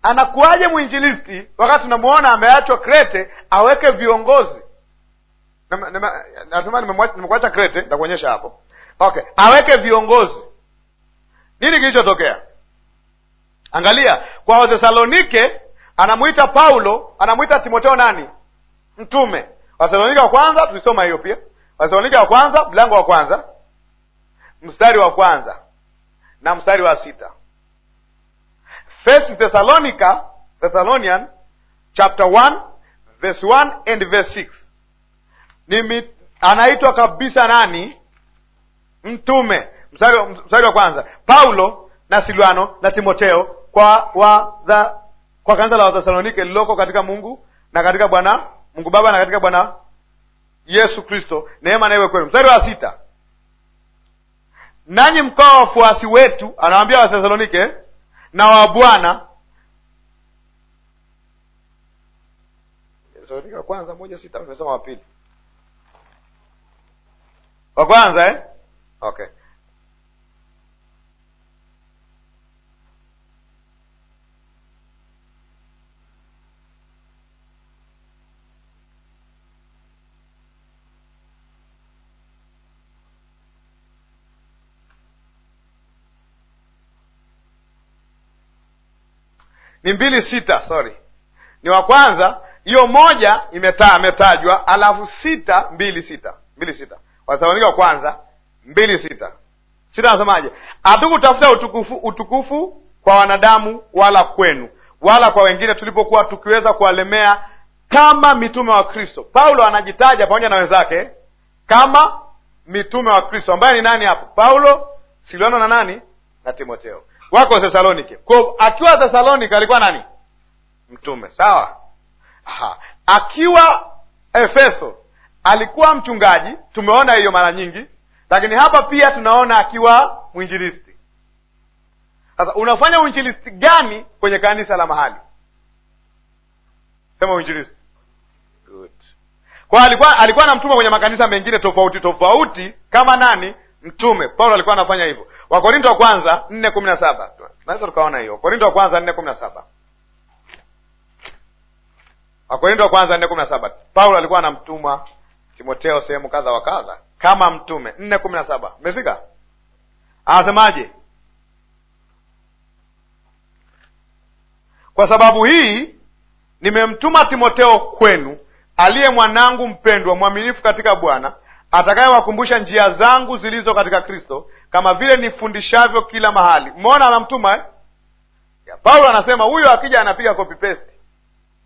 Anakuwaje mwinjilisti wakati tunamwona ameachwa Krete aweke viongozi? Nasema nimekuacha Krete, nitakuonyesha hapo. Okay, aweke viongozi. Nini kilichotokea? Angalia kwa Wathesalonike, anamwita Paulo, anamwita Timoteo nani? Mtume. Wathesalonike wa kwanza tulisoma hiyo pia. Wathesalonike wa kwanza mlango wa kwanza mstari wa kwanza na mstari wa sita First Thessalonica, Thessalonian chapter 1 verse 1 and verse 6. Nimi, anaitwa kabisa nani? Mtume. Mstari wa kwanza, Paulo na Silwano na Timoteo kwa wa the, kwa kanisa la Wathesalonike lililoko katika Mungu na katika Bwana Mungu Baba na katika Bwana Yesu Kristo, neema na iwe kwenu. Mstari wa sita, nanyi mkawa wafuasi wetu, anawaambia Wathesalonike na wa Bwana Wathesalonike wa kwanza moja sita tumesoma wa pili wa kwanza eh? Okay. ni mbili sita, sorry, ni wa kwanza. Hiyo moja imetaa ametajwa, alafu sita mbili sita mbili sita, Wathesalonika wa kwanza mbili sita sita, anasemaje? Hatukutafuta utukufu, utukufu kwa wanadamu wala kwenu wala kwa wengine, tulipokuwa tukiweza kuwalemea kama mitume wa Kristo. Paulo anajitaja pamoja na wenzake kama mitume wa Kristo, ambaye ni nani hapo? Paulo, Silwano na nani na Timotheo wako Thesalonike. Kwa akiwa Thesalonike alikuwa nani? Mtume, sawa. Aha. Akiwa Efeso alikuwa mchungaji, tumeona hiyo mara nyingi, lakini hapa pia tunaona akiwa mwinjilisti. Sasa unafanya uinjilisti gani kwenye kanisa la mahali? Sema uinjilisti. Good. Kwa alikuwa alikuwa mtume kwenye makanisa mengine tofauti tofauti kama nani? Mtume Paulo alikuwa anafanya hivyo. Wakorinto wa kwanza nne kumi na saba tunaweza tukaona hiyo. Wakorinto wa kwanza nne kumi na saba Wakorinto wa kwanza nne kumi na saba Paulo alikuwa anamtuma timoteo sehemu kadha wa kadha kama mtume. nne kumi na saba Mmefika? Anasemaje? Kwa sababu hii nimemtuma timoteo kwenu, aliye mwanangu mpendwa, mwaminifu katika Bwana, atakayewakumbusha njia zangu zilizo katika Kristo, kama vile nifundishavyo kila mahali. Mmeona anamtuma eh? ya Paulo anasema huyo akija anapiga copy paste,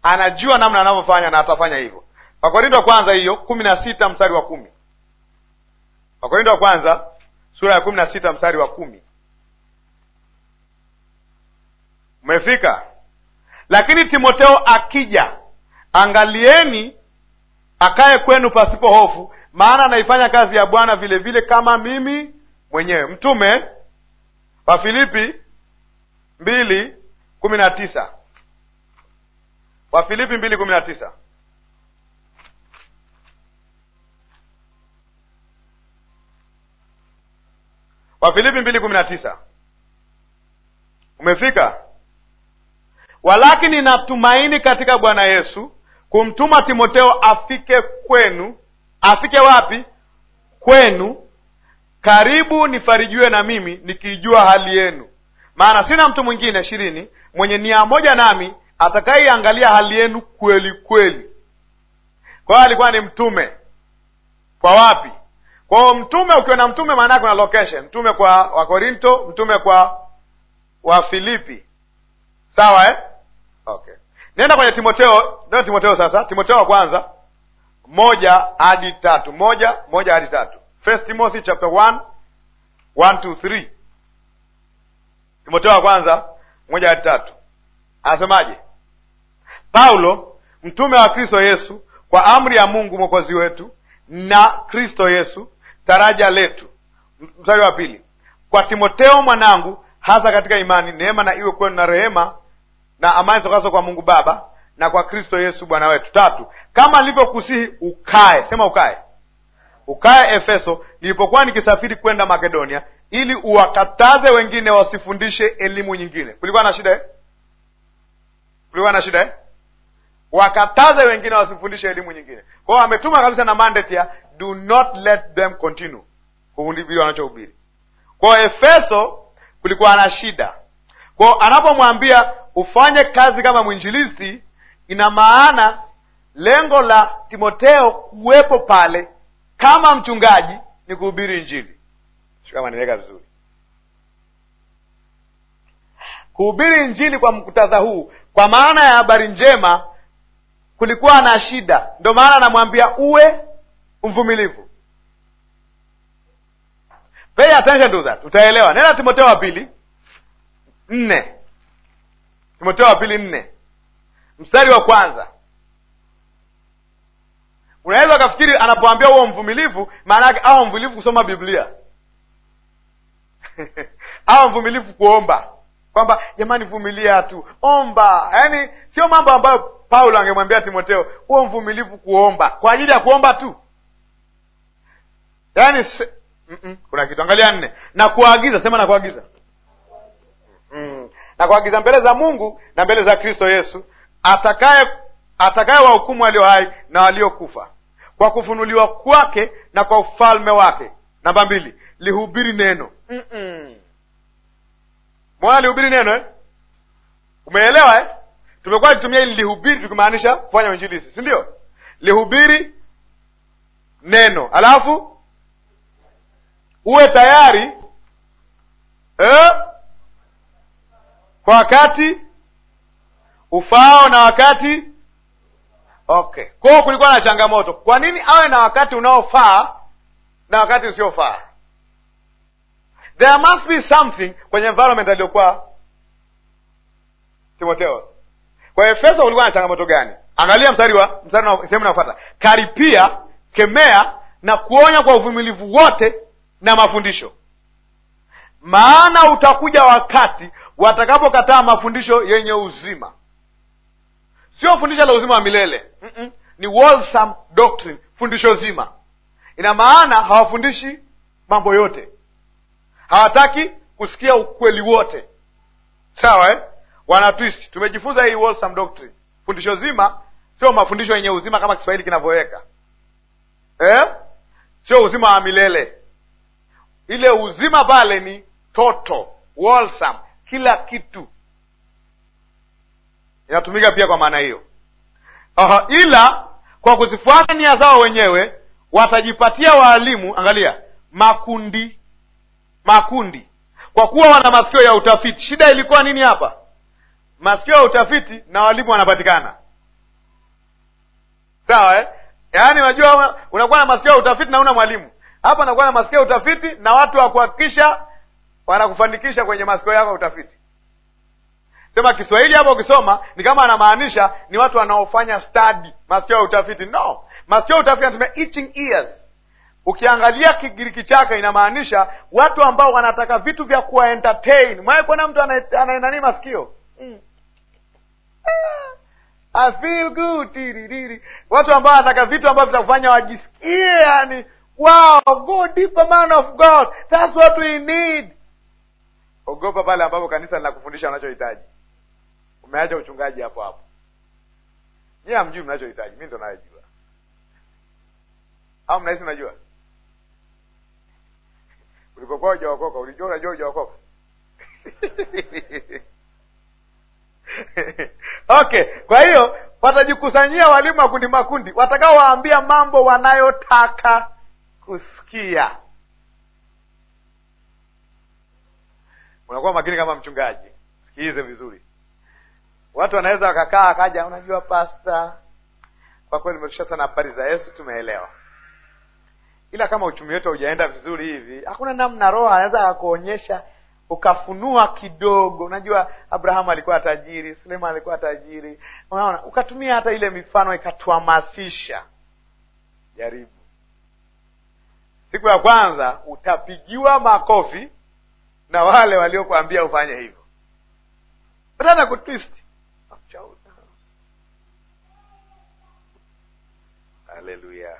anajua namna anavyofanya na atafanya hivyo. Wakorintho wa kwanza hiyo kumi na sita mstari wa kumi Wakorintho wa kwanza sura ya kumi na sita mstari wa kumi Umefika? Lakini Timoteo akija, angalieni akaye kwenu pasipo hofu, maana anaifanya kazi ya Bwana vile vile kama mimi mwenyewe. Mtume wa Filipi mbili kumi na tisa Wafilipi mbili kumi na tisa Wafilipi mbili kumi na tisa umefika. Walakini natumaini katika Bwana Yesu kumtuma Timoteo afike kwenu afike wapi? Kwenu. Karibu nifarijiwe na mimi, nikiijua hali yenu, maana sina mtu mwingine. ishirini, mwenye nia moja nami, atakaiangalia hali yenu kweli kweli. Kwa hiyo alikuwa ni mtume kwa wapi? kwao mtume, ukiwa na mtume maana yake una location. Mtume kwa Wakorinto, mtume kwa Wafilipi, sawa eh? Okay, nenda kwenye Timoteo, nenda Timoteo sasa, Timoteo wa kwanza moja hadi tatu, moja moja hadi tatu. First Timothy chapter 1 1 to 3. Timotheo wa kwanza moja hadi tatu, anasemaje? Paulo mtume wa Kristo Yesu kwa amri ya Mungu mwokozi wetu na Kristo Yesu taraja letu. Mstari wa pili, kwa Timotheo mwanangu hasa katika imani, neema na iwe kwenu na rehema na amani zitokazo kwa Mungu Baba na kwa Kristo Yesu Bwana wetu. Tatu, kama nilivyokusihi ukae, sema ukae, ukae Efeso nilipokuwa nikisafiri kwenda Makedonia, ili uwakataze wengine wasifundishe elimu nyingine. Kulikuwa na shida eh? kulikuwa na shida eh? wakataze wengine wasifundishe elimu nyingine. Kwa hiyo ametuma kabisa na mandate ya do not let them continue kuhubiri wanachohubiri. Kwa Efeso kulikuwa na shida, kwa anapomwambia ufanye kazi kama mwinjilisti Ina maana lengo la Timoteo kuwepo pale kama mchungaji ni kuhubiri Injili. Kama vizuri, kuhubiri njili kwa mkutadha huu, kwa maana ya habari njema, kulikuwa na shida. Ndio maana anamwambia uwe mvumilivu. Pay attention to that, utaelewa. nena Timoteo wa pili nne, Timoteo wa pili nne mstari wa kwanza. Unaweza ukafikiri anapoambia huo mvumilivu, maana yake awa mvumilivu kusoma Biblia (laughs) awa mvumilivu kuomba, kwamba jamani, vumilia tu, omba. Yaani sio mambo ambayo Paulo angemwambia timoteo huo mvumilivu kuomba kwa ajili ya kuomba tu, yaani se... mm -mm. kuna kitu, angalia nne, na kuagiza, sema na kuagiza, mm. na kuagiza mbele za Mungu na mbele za Kristo Yesu atakaye atakaye wahukumu walio hai na waliokufa kwa kufunuliwa kwake na kwa ufalme wake. Namba mbili, lihubiri neno mm -mm. Mwana lihubiri neno eh? Umeelewa eh? Tumekuwa tukitumia ili lihubiri tukimaanisha kufanya injilisi, si ndio? Lihubiri neno, alafu uwe tayari eh? kwa wakati ufao na wakati okay. Kwao kulikuwa na changamoto, kwa nini awe na wakati unaofaa na wakati usiofaa? There must be something kwenye environment aliyokuwa Timotheo. Kwa Efeso kulikuwa na changamoto gani? Angalia mstari wa mstari na sehemu inayofuata, karipia, kemea na kuonya kwa uvumilivu wote na mafundisho, maana utakuja wakati watakapokataa mafundisho yenye uzima sio fundisho la uzima wa milele mm -mm. ni wholesome doctrine, fundisho zima. Ina maana hawafundishi mambo yote, hawataki kusikia ukweli wote, sawa eh? wana twist. Tumejifunza hii wholesome doctrine, fundisho zima, sio mafundisho yenye uzima kama Kiswahili kinavyoweka eh? sio uzima wa milele. Ile uzima pale ni toto wholesome, kila kitu inatumika pia kwa maana hiyo. Aha, ila kwa kuzifuata nia zao wenyewe watajipatia waalimu, angalia, makundi makundi, kwa kuwa wana masikio ya utafiti. Shida ilikuwa nini hapa? Masikio ya utafiti na waalimu wanapatikana, sawa eh? Yaani unajua unakuwa na masikio ya utafiti na una mwalimu hapa, unakuwa na masikio ya utafiti na watu wa kuhakikisha wanakufanikisha kwenye masikio yako ya utafiti sema Kiswahili hapo ukisoma ni kama anamaanisha ni watu wanaofanya study, masikio ya utafiti. No, masikio ya utafiti anatumia itching ears. Ukiangalia Kigiriki chake inamaanisha watu ambao wanataka vitu vya kuwa entertain. Mwae kuona mtu anaenani masikio mm. Ah, I feel good tiririri, watu ambao wanataka vitu ambavyo vitakufanya wajisikie yani, wow, go deeper man of God, that's what we need. Ogopa pale ambapo kanisa linakufundisha unachohitaji umeacha uchungaji hapo hapo. Nyie hamjui mnachohitaji, mi ndo nayejua. Au mnahisi unajua? Ulipokuwa ujaokoka ulijua unajua ujaokoka? (laughs) Okay, kwa hiyo watajikusanyia walimu makundi makundi, watakaowaambia mambo wanayotaka kusikia. Unakuwa makini kama mchungaji, sikilize vizuri. Watu wanaweza wakakaa wakaja, unajua pasta, kwa kweli nimekwisha sana habari za Yesu, tumeelewa, ila kama uchumi wetu haujaenda vizuri hivi, hakuna namna. Roho anaweza akakuonyesha ukafunua kidogo. Unajua Abrahamu alikuwa tajiri, Suleiman alikuwa tajiri, unaona, ukatumia hata ile mifano ikatuhamasisha. Jaribu siku ya kwanza, utapigiwa makofi na wale waliokuambia ufanye hivyo, watana kutwisti Haleluya,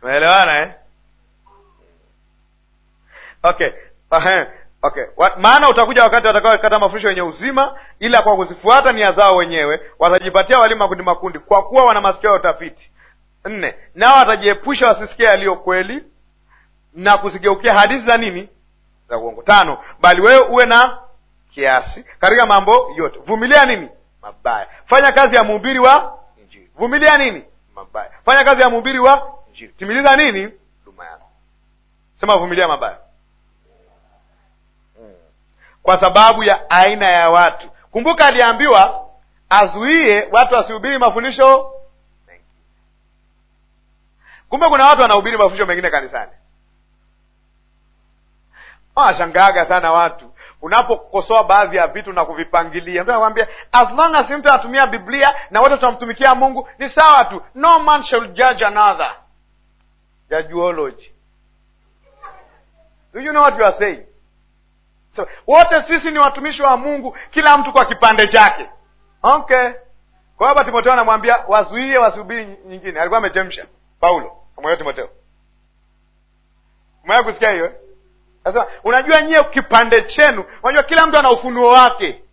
tumeelewana eh? Okay. Uh-huh. Okay. Maana utakuja wakati watakaokata mafundisho yenye uzima, ila kwa kuzifuata nia zao wenyewe watajipatia walimu makundi makundi, kwa kuwa wana masikio ya utafiti. Nne, nao watajiepusha wasisikia yaliyo kweli na kuzigeukia hadithi za nini, za uongo. Tano, bali wewe uwe na kiasi katika mambo yote, vumilia nini mabaya, fanya kazi ya mhubiri wa vumilia nini mabaya, fanya kazi ya mhubiri wa njiri timiliza nini huduma yako. Sema vumilia mabaya hmm. kwa sababu ya aina ya watu. Kumbuka aliambiwa azuie watu wasihubiri mafundisho mengine. Kumbe kuna watu wanahubiri mafundisho mengine kanisani. Wanashangaaga sana watu unapokosoa baadhi ya vitu na kuvipangilia. Mtu anakwambia as long as mtu anatumia Biblia na wote tunamtumikia Mungu ni sawa tu, no man shall judge another. Jajuology. Do you know what you are saying? So, wote sisi ni watumishi wa Mungu, kila mtu kwa kipande chake. Okay. Kwa hapa timoteo anamwambia wazuie wasubiri nyingine. Alikuwa amechemsha Paulo, amwambia timoteo umewai kusikia hiyo? eh? Nasema, unajua nyie kipande chenu, unajua kila mtu ana ufunuo wake.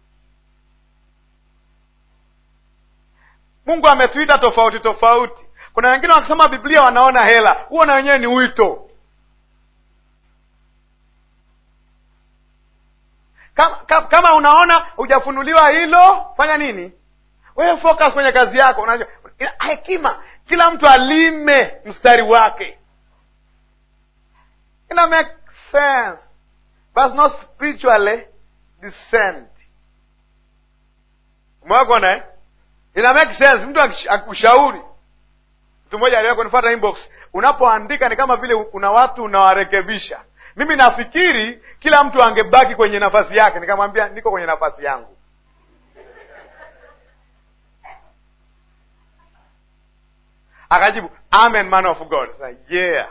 Mungu ametuita tofauti tofauti. Kuna wengine wakisoma Biblia wanaona hela, huo na wenyewe ni wito. Kama, kama unaona hujafunuliwa hilo, fanya nini? Wewe focus kwenye kazi yako. Unajua hekima, kila mtu alime mstari wake. Ina sense, but not spiritually discerned. Umewahi kuona eh? Ina make sense. Mtu akushauri, mtu mmoja aliwahi kunifuata inbox, unapoandika ni kama vile kuna watu unawarekebisha. Mimi nafikiri kila mtu angebaki kwenye nafasi yake, nikamwambia niko kwenye nafasi yangu. Akajibu, amen man of God. Sa, yeah,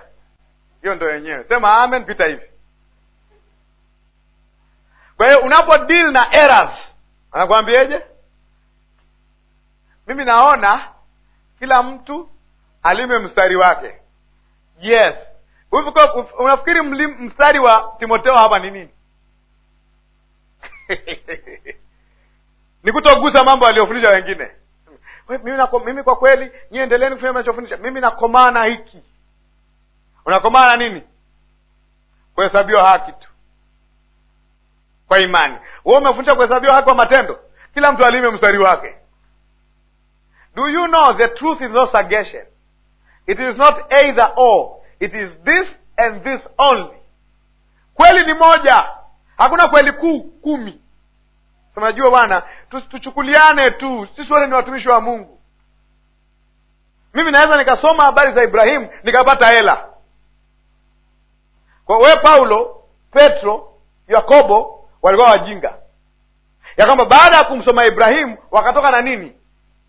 hiyo ndo yenyewe, sema amen, pita hivi kwa hiyo unapo deal na errors, anakuambieje? Mimi naona kila mtu alime mstari wake. Yes, unafikiri mstari wa timoteo hapa ni nini? (laughs) ni kutogusa mambo aliyofundisha wengine. Mimi, na, mimi kwa kweli nyie endeleeni kufanya mnachofundisha. Mimi nakomana hiki. Unakomana nini? Kuhesabiwa haki tu kwa imani. We umefundisha kuhesabiwa haki kwa matendo, kila mtu alime mstari wake. Do you know the truth is not suggestion, it is not either or, it is this and this only. Kweli ni moja, hakuna kweli kuu kumi. So najua bwana, tuchukuliane tu, sisi wote ni watumishi wa Mungu. Mimi naweza nikasoma habari za Ibrahimu nikapata hela kwa we Paulo, Petro, Yakobo walikuwa wajinga, ya kwamba baada ya kumsoma Ibrahimu wakatoka na nini?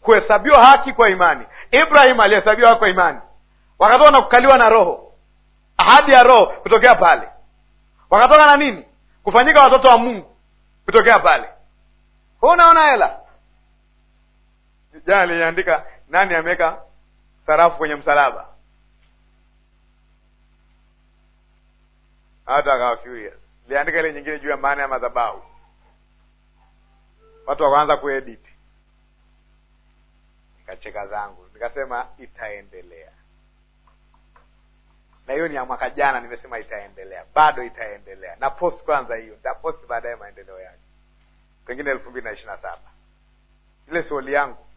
Kuhesabiwa haki kwa imani. Ibrahimu alihesabiwa haki kwa imani, wakatoka na kukaliwa na Roho, ahadi ya Roho kutokea pale, wakatoka na nini? Kufanyika watoto wa Mungu kutokea pale. Unaona hela jana liliandika nani ameweka sarafu kwenye msalaba hata akawa curious liandika ile nyingine juu ya maana ya madhabahu, watu wakaanza kuedit. Nikacheka zangu nikasema itaendelea, na hiyo ni ya mwaka jana. Nimesema itaendelea, bado itaendelea na post kwanza, hiyo nitaposti baadaye maendeleo yake, pengine elfu mbili na ishirini na saba. Ile si oli yangu,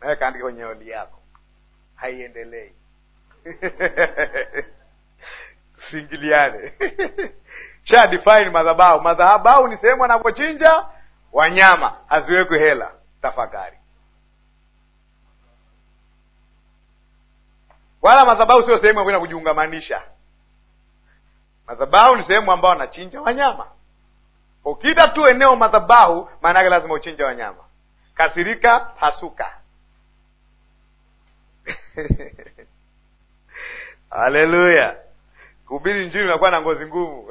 nawe kaandika kwenye oli yako, haiendelei. (laughs) Singiliane. (laughs) sha define madhabahu. Madhabahu ni sehemu anapochinja wanyama, haziwekwi hela. Tafakari, wala madhabahu sio sehemu ya kwenda kujiungamanisha. Madhabahu ni sehemu ambao anachinja wanyama. Ukita tu eneo madhabahu, maana yake lazima uchinja wanyama. Kasirika hasuka. (laughs) Haleluya! kuhubiri Injili unakuwa na ngozi ngumu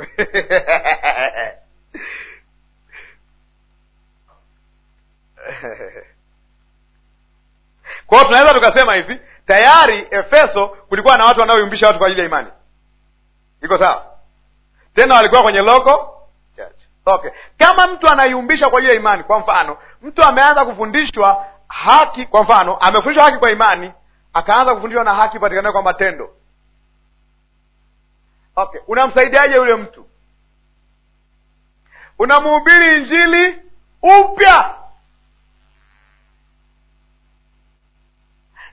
(laughs) Kwa tunaweza tukasema hivi, tayari Efeso kulikuwa na watu wanaoyumbisha watu kwa ajili ya imani, iko sawa? Tena walikuwa kwenye loko Okay, kama mtu anayumbisha kwa ajili ya imani, kwa mfano mtu ameanza kufundishwa haki, kwa mfano amefundishwa haki kwa imani, akaanza kufundishwa na haki patikanayo kwa matendo, okay. Unamsaidiaje yule mtu? Unamhubiri injili upya.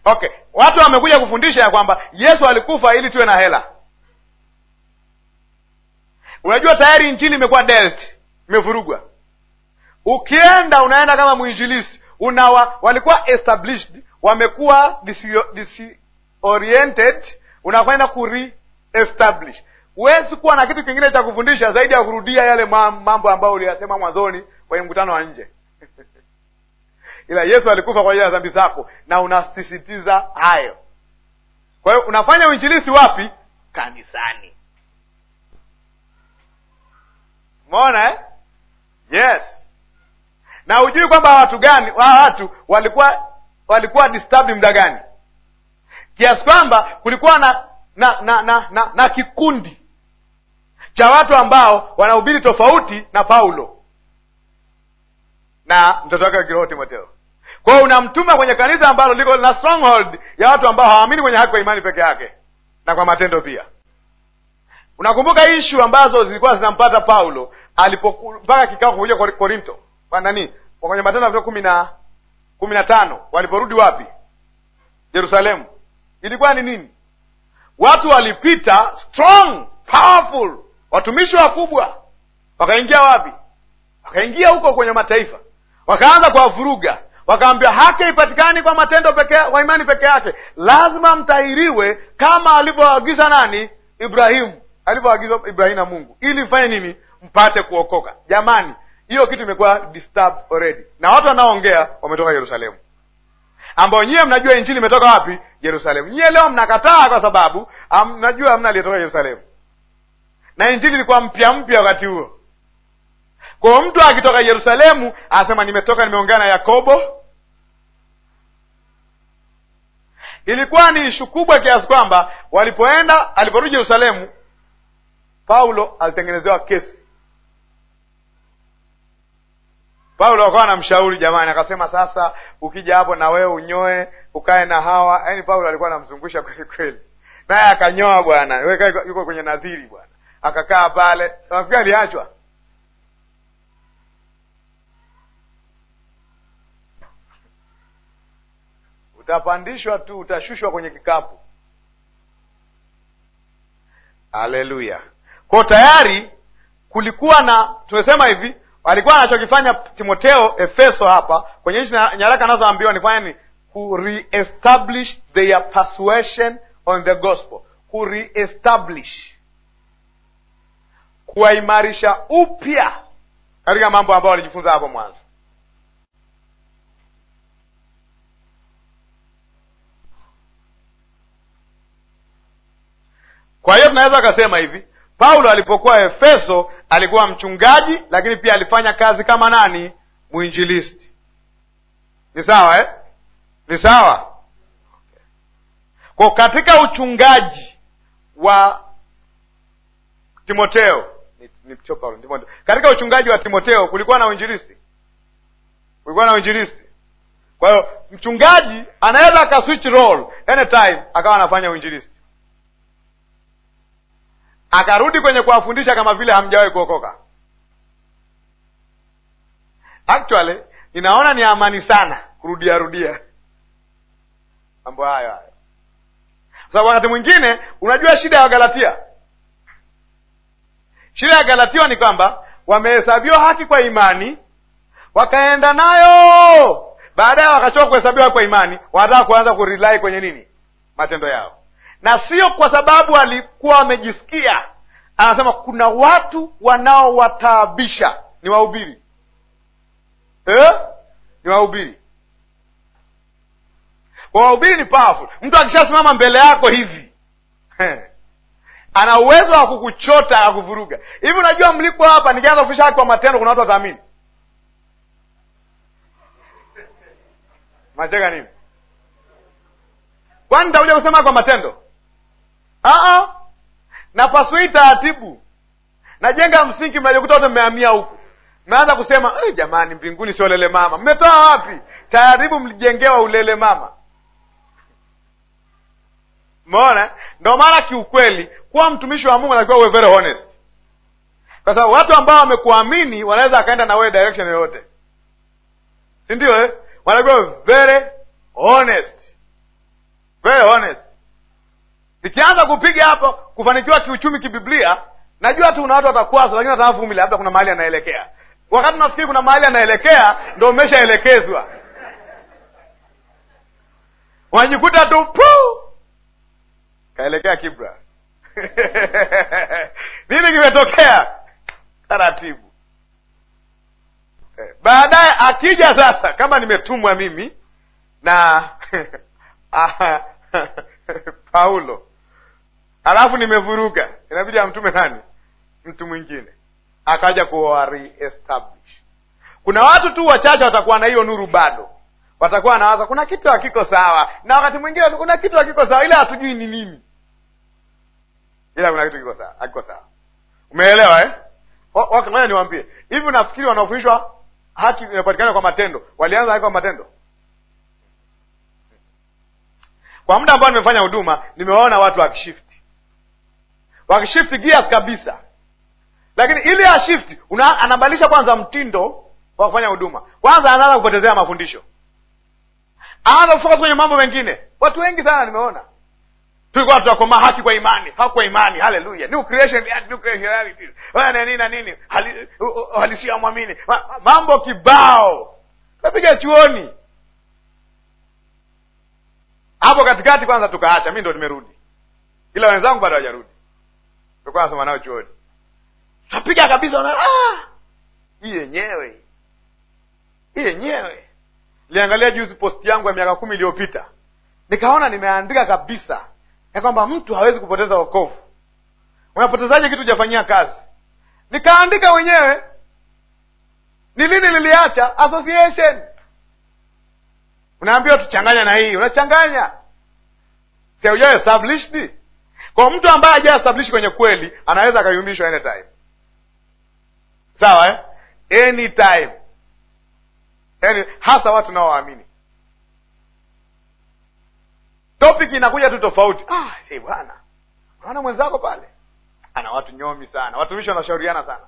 Okay, watu wamekuja kufundisha ya kwamba Yesu alikufa ili tuwe na hela. Unajua tayari injili imekuwa delt, imevurugwa. Ukienda unaenda kama mwinjilisi unawa, walikuwa established, wamekuwa disoriented, unakwenda kuri huwezi kuwa na kitu kingine cha kufundisha zaidi ya kurudia yale mambo ambayo uliyasema mwanzoni kwenye mkutano wa nje (laughs) ila Yesu alikufa kwa ajili ya dhambi zako na unasisitiza hayo. Kwa hiyo unafanya uinjilisi wapi? Kanisani. mona eh? Yes. Na hujui kwamba watu gani wa watu walikuwa walikuwa disturbed muda gani, kiasi kwamba kulikuwa na na na na, na, na kikundi cha watu ambao wanahubiri tofauti na Paulo na mtoto wake wa kiroho Timotheo. Kwa hiyo unamtuma kwenye kanisa ambalo liko na stronghold ya watu ambao hawaamini kwenye haki kwa imani peke yake na kwa matendo pia. Unakumbuka ishu ambazo zilikuwa zinampata Paulo mpaka kikao kuvuja Korinto nani kwenye Matendo ya kumi na kumi na tano waliporudi wapi? Yerusalemu. Ilikuwa ni nini? Watu walipita strong powerful Watumishi wakubwa wakaingia wapi? Wakaingia huko kwenye mataifa, wakaanza kuwavuruga, wakaambia haki ipatikani kwa matendo peke, kwa imani peke yake, lazima mtahiriwe kama alivyoagiza nani? Ibrahimu, alivyoagiza Ibrahimu na Mungu ili mfanye nini? Mpate kuokoka. Jamani, hiyo kitu imekuwa disturb already, na watu wanaoongea wametoka Yerusalemu, ambao nyiwe mnajua injili imetoka wapi? Yerusalemu. Nyiwe leo mnakataa kwa sababu mnajua hamna aliyetoka Yerusalemu na Injili ilikuwa mpya mpya wakati huo. Kwa mtu akitoka Yerusalemu anasema nimetoka, nimeongea na Yakobo. Ilikuwa ni ishu kubwa kiasi kwamba walipoenda, aliporudi Yerusalemu, Paulo alitengenezewa kesi. Paulo akawa mshauri jamani, akasema sasa, ukija hapo na wewe unyoe ukae na hawa. Yaani Paulo alikuwa anamzungusha kweli kweli, naye akanyoa bwana, yuko kwenye nadhiri bwana akakaa pale. Nafikiri aliachwa utapandishwa tu, utashushwa kwenye kikapu. Aleluya! Kwa tayari kulikuwa na, tumesema hivi, alikuwa anachokifanya Timoteo Efeso hapa kwenye hizi nyaraka anazoambiwa ni fanya Ku reestablish their persuasion on the gospel, ku reestablish kuwaimarisha upya katika mambo ambayo walijifunza hapo mwanzo. Kwa hiyo tunaweza akasema hivi, Paulo alipokuwa Efeso alikuwa mchungaji, lakini pia alifanya kazi kama nani? Mwinjilisti. Ni sawa eh? Ni sawa. Kwa katika uchungaji wa Timoteo Paulo Katika uchungaji wa Timotheo kulikuwa na uinjilisti, kulikuwa na uinjilisti. Kwa hiyo mchungaji anaweza aka switch role anytime akawa anafanya uinjilisti, akarudi kwenye kuwafundisha kama vile hamjawahi kuokoka. Actually ninaona ni amani sana kurudia rudia mambo hayo hayo, kwa sababu wakati mwingine unajua shida ya Wagalatia Shida ya Galatiwa ni kwamba wamehesabiwa haki kwa imani, wakaenda nayo, baadaye wakachoka kuhesabiwa haki kwa imani, wanataka kuanza kurilai kwenye nini? Matendo yao, na sio kwa sababu alikuwa wamejisikia. Anasema kuna watu wanaowataabisha ni wahubiri eh? ni wahubiri kwa wahubiri ni powerful. Mtu akishasimama mbele yako hivi (laughs) ana uwezo wa kukuchota akakuvuruga hivi. Unajua mlipo hapa, nikianza kufisha haki kwa matendo, kuna watu wataamini. Macheka nini? Kwani nitakuja kusema kwa matendo? Aa, napasua hii taratibu, najenga msingi, mnajikuta wote mmehamia huku, mmeanza kusema eh, jamani, mbinguni sio lele mama. Mmetoa wapi taratibu mlijengewa ulele mama? Umeona? Eh? ndo maana kiukweli, kuwa mtumishi wa Mungu anatakiwa uwe very honest, kwa sababu watu ambao wamekuamini wanaweza akaenda na wewe direction yoyote, sindio eh? Wanatakiwa very honest, very honest. Nikianza kupiga hapo kufanikiwa kiuchumi kibiblia, najua tu una watu watakwasa, lakini atavumilia, labda kuna mahali anaelekea. Wakati nafikiri kuna mahali anaelekea, ndo umeshaelekezwa, wajikuta tu puu kaelekea Kibra (laughs) nini kimetokea? Taratibu eh, baadaye akija sasa, kama nimetumwa mimi na (laughs) ah, (laughs) Paulo halafu nimevuruga, inabidi amtume nani? Mtu mwingine akaja kuwa Kuna watu tu wachache watakuwa na hiyo nuru bado, watakuwa wanawaza kuna kitu hakiko sawa, na wakati mwingine kuna kitu hakiko sawa, ile hatujui ni nini ila kuna kitu kiko sawa, sawa. Umeelewa eh? Okay, ngoja niwaambie hivi. Unafikiri wanaofundishwa haki inapatikana kwa matendo walianza haki kwa matendo? Kwa muda ambao nimefanya huduma, nimewaona watu wakishifti, wakishifti gears kabisa, lakini ili ya shift anabadilisha kwanza mtindo wa kufanya huduma. Kwanza anaanza kupotezea mafundisho, anaanza kufocus kwenye mambo mengine. Watu wengi sana nimeona tulikuwa tunakomaa haki kwa imani kwa imani haleluya new creation new creation nini na nini mwamini mambo kibao tapiga chuoni hapo katikati kwanza tukaacha mi ndo nimerudi ila wenzangu bado hawajarudi tulikuwa nasoma nao chuoni kabisa ah! hii yenyewe hii yenyewe liangalia juzi posti yangu ya miaka kumi iliyopita nikaona nimeandika kabisa ya kwamba mtu hawezi kupoteza wokovu. Unapotezaje kitu ujafanyia kazi? Nikaandika mwenyewe ni lini liliacha association. Unaambiwa tuchanganya na hii, unachanganya si established. Kwa mtu ambaye haja establish kwenye kweli, anaweza akayumbishwa anytime, sawa eh? Anytime, yaani, hasa watu naowaamini topic inakuja tu tofauti. Ah. ah, si bwana, unaona mwenzako pale ana watu nyomi sana, watumishi wanashauriana sana,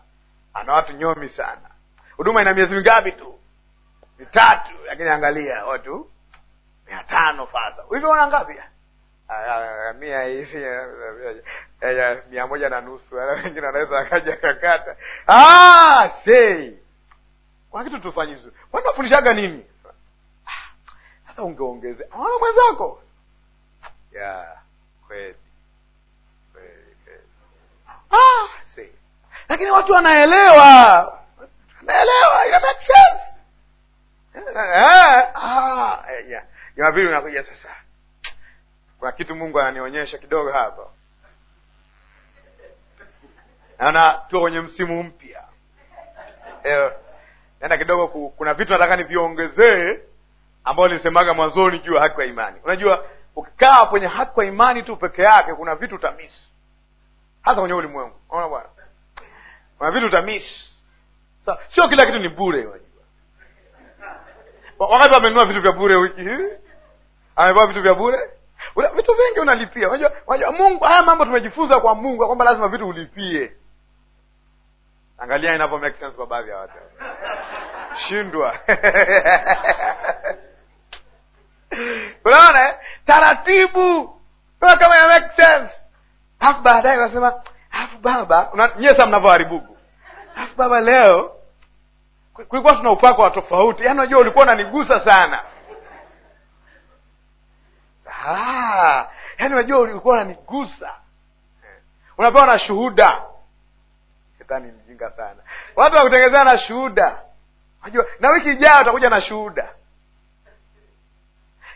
ana watu nyomi sana, huduma ina miezi mingapi tu mitatu, lakini angalia watu mia tano fadha hivyo, ona ngapi mia hivi mia moja na nusu, wengine anaweza akaja kakata ah, kwa kitu tufanyi vizuri. Kwani nini? Ah, sasa ungeongeze ana mwenzako ya kweli kweli kweli. Ah, si lakini watu wanaelewa, wanaelewa, ina make sense. Eh, ah, eh, Jumapili unakuja sasa, kuna kitu Mungu ananionyesha kidogo hapo naona tuko kwenye msimu mpya eh, naenda kidogo ku, kuna vitu nataka niviongezee ambayo nilisemaga mwanzoni juu ya haki kwa imani. Unajua ukikaa kwenye haki kwa imani tu peke yake, kuna vitu utamisi, hasa kwenye ulimwengu. Unaona bwana, kuna vitu utamisi. Sa, sio kila kitu ni bure. Unajua, wakati amenunua vitu vya bure wiki hii, amevaa vitu vya bure Ula, vitu vingi unalipia. Unajua, unajua Mungu, haya mambo tumejifunza kwa Mungu kwamba lazima vitu ulipie. Angalia inavyo make sense kwa baadhi ya watu shindwa. (laughs) Unaona, eh? taratibu kama ina make sense alafu baadaye unasema alafu baba nyewe saa mnavyoharibugu alafu baba leo kulikuwa tuna upako wa tofauti yaani unajua ulikuwa unanigusa sana ah, yaani unajua ulikuwa unanigusa unapewa na shuhuda shetani mjinga sana watu wakutengenezea na shuhuda unajua na wiki ijayo utakuja na shuhuda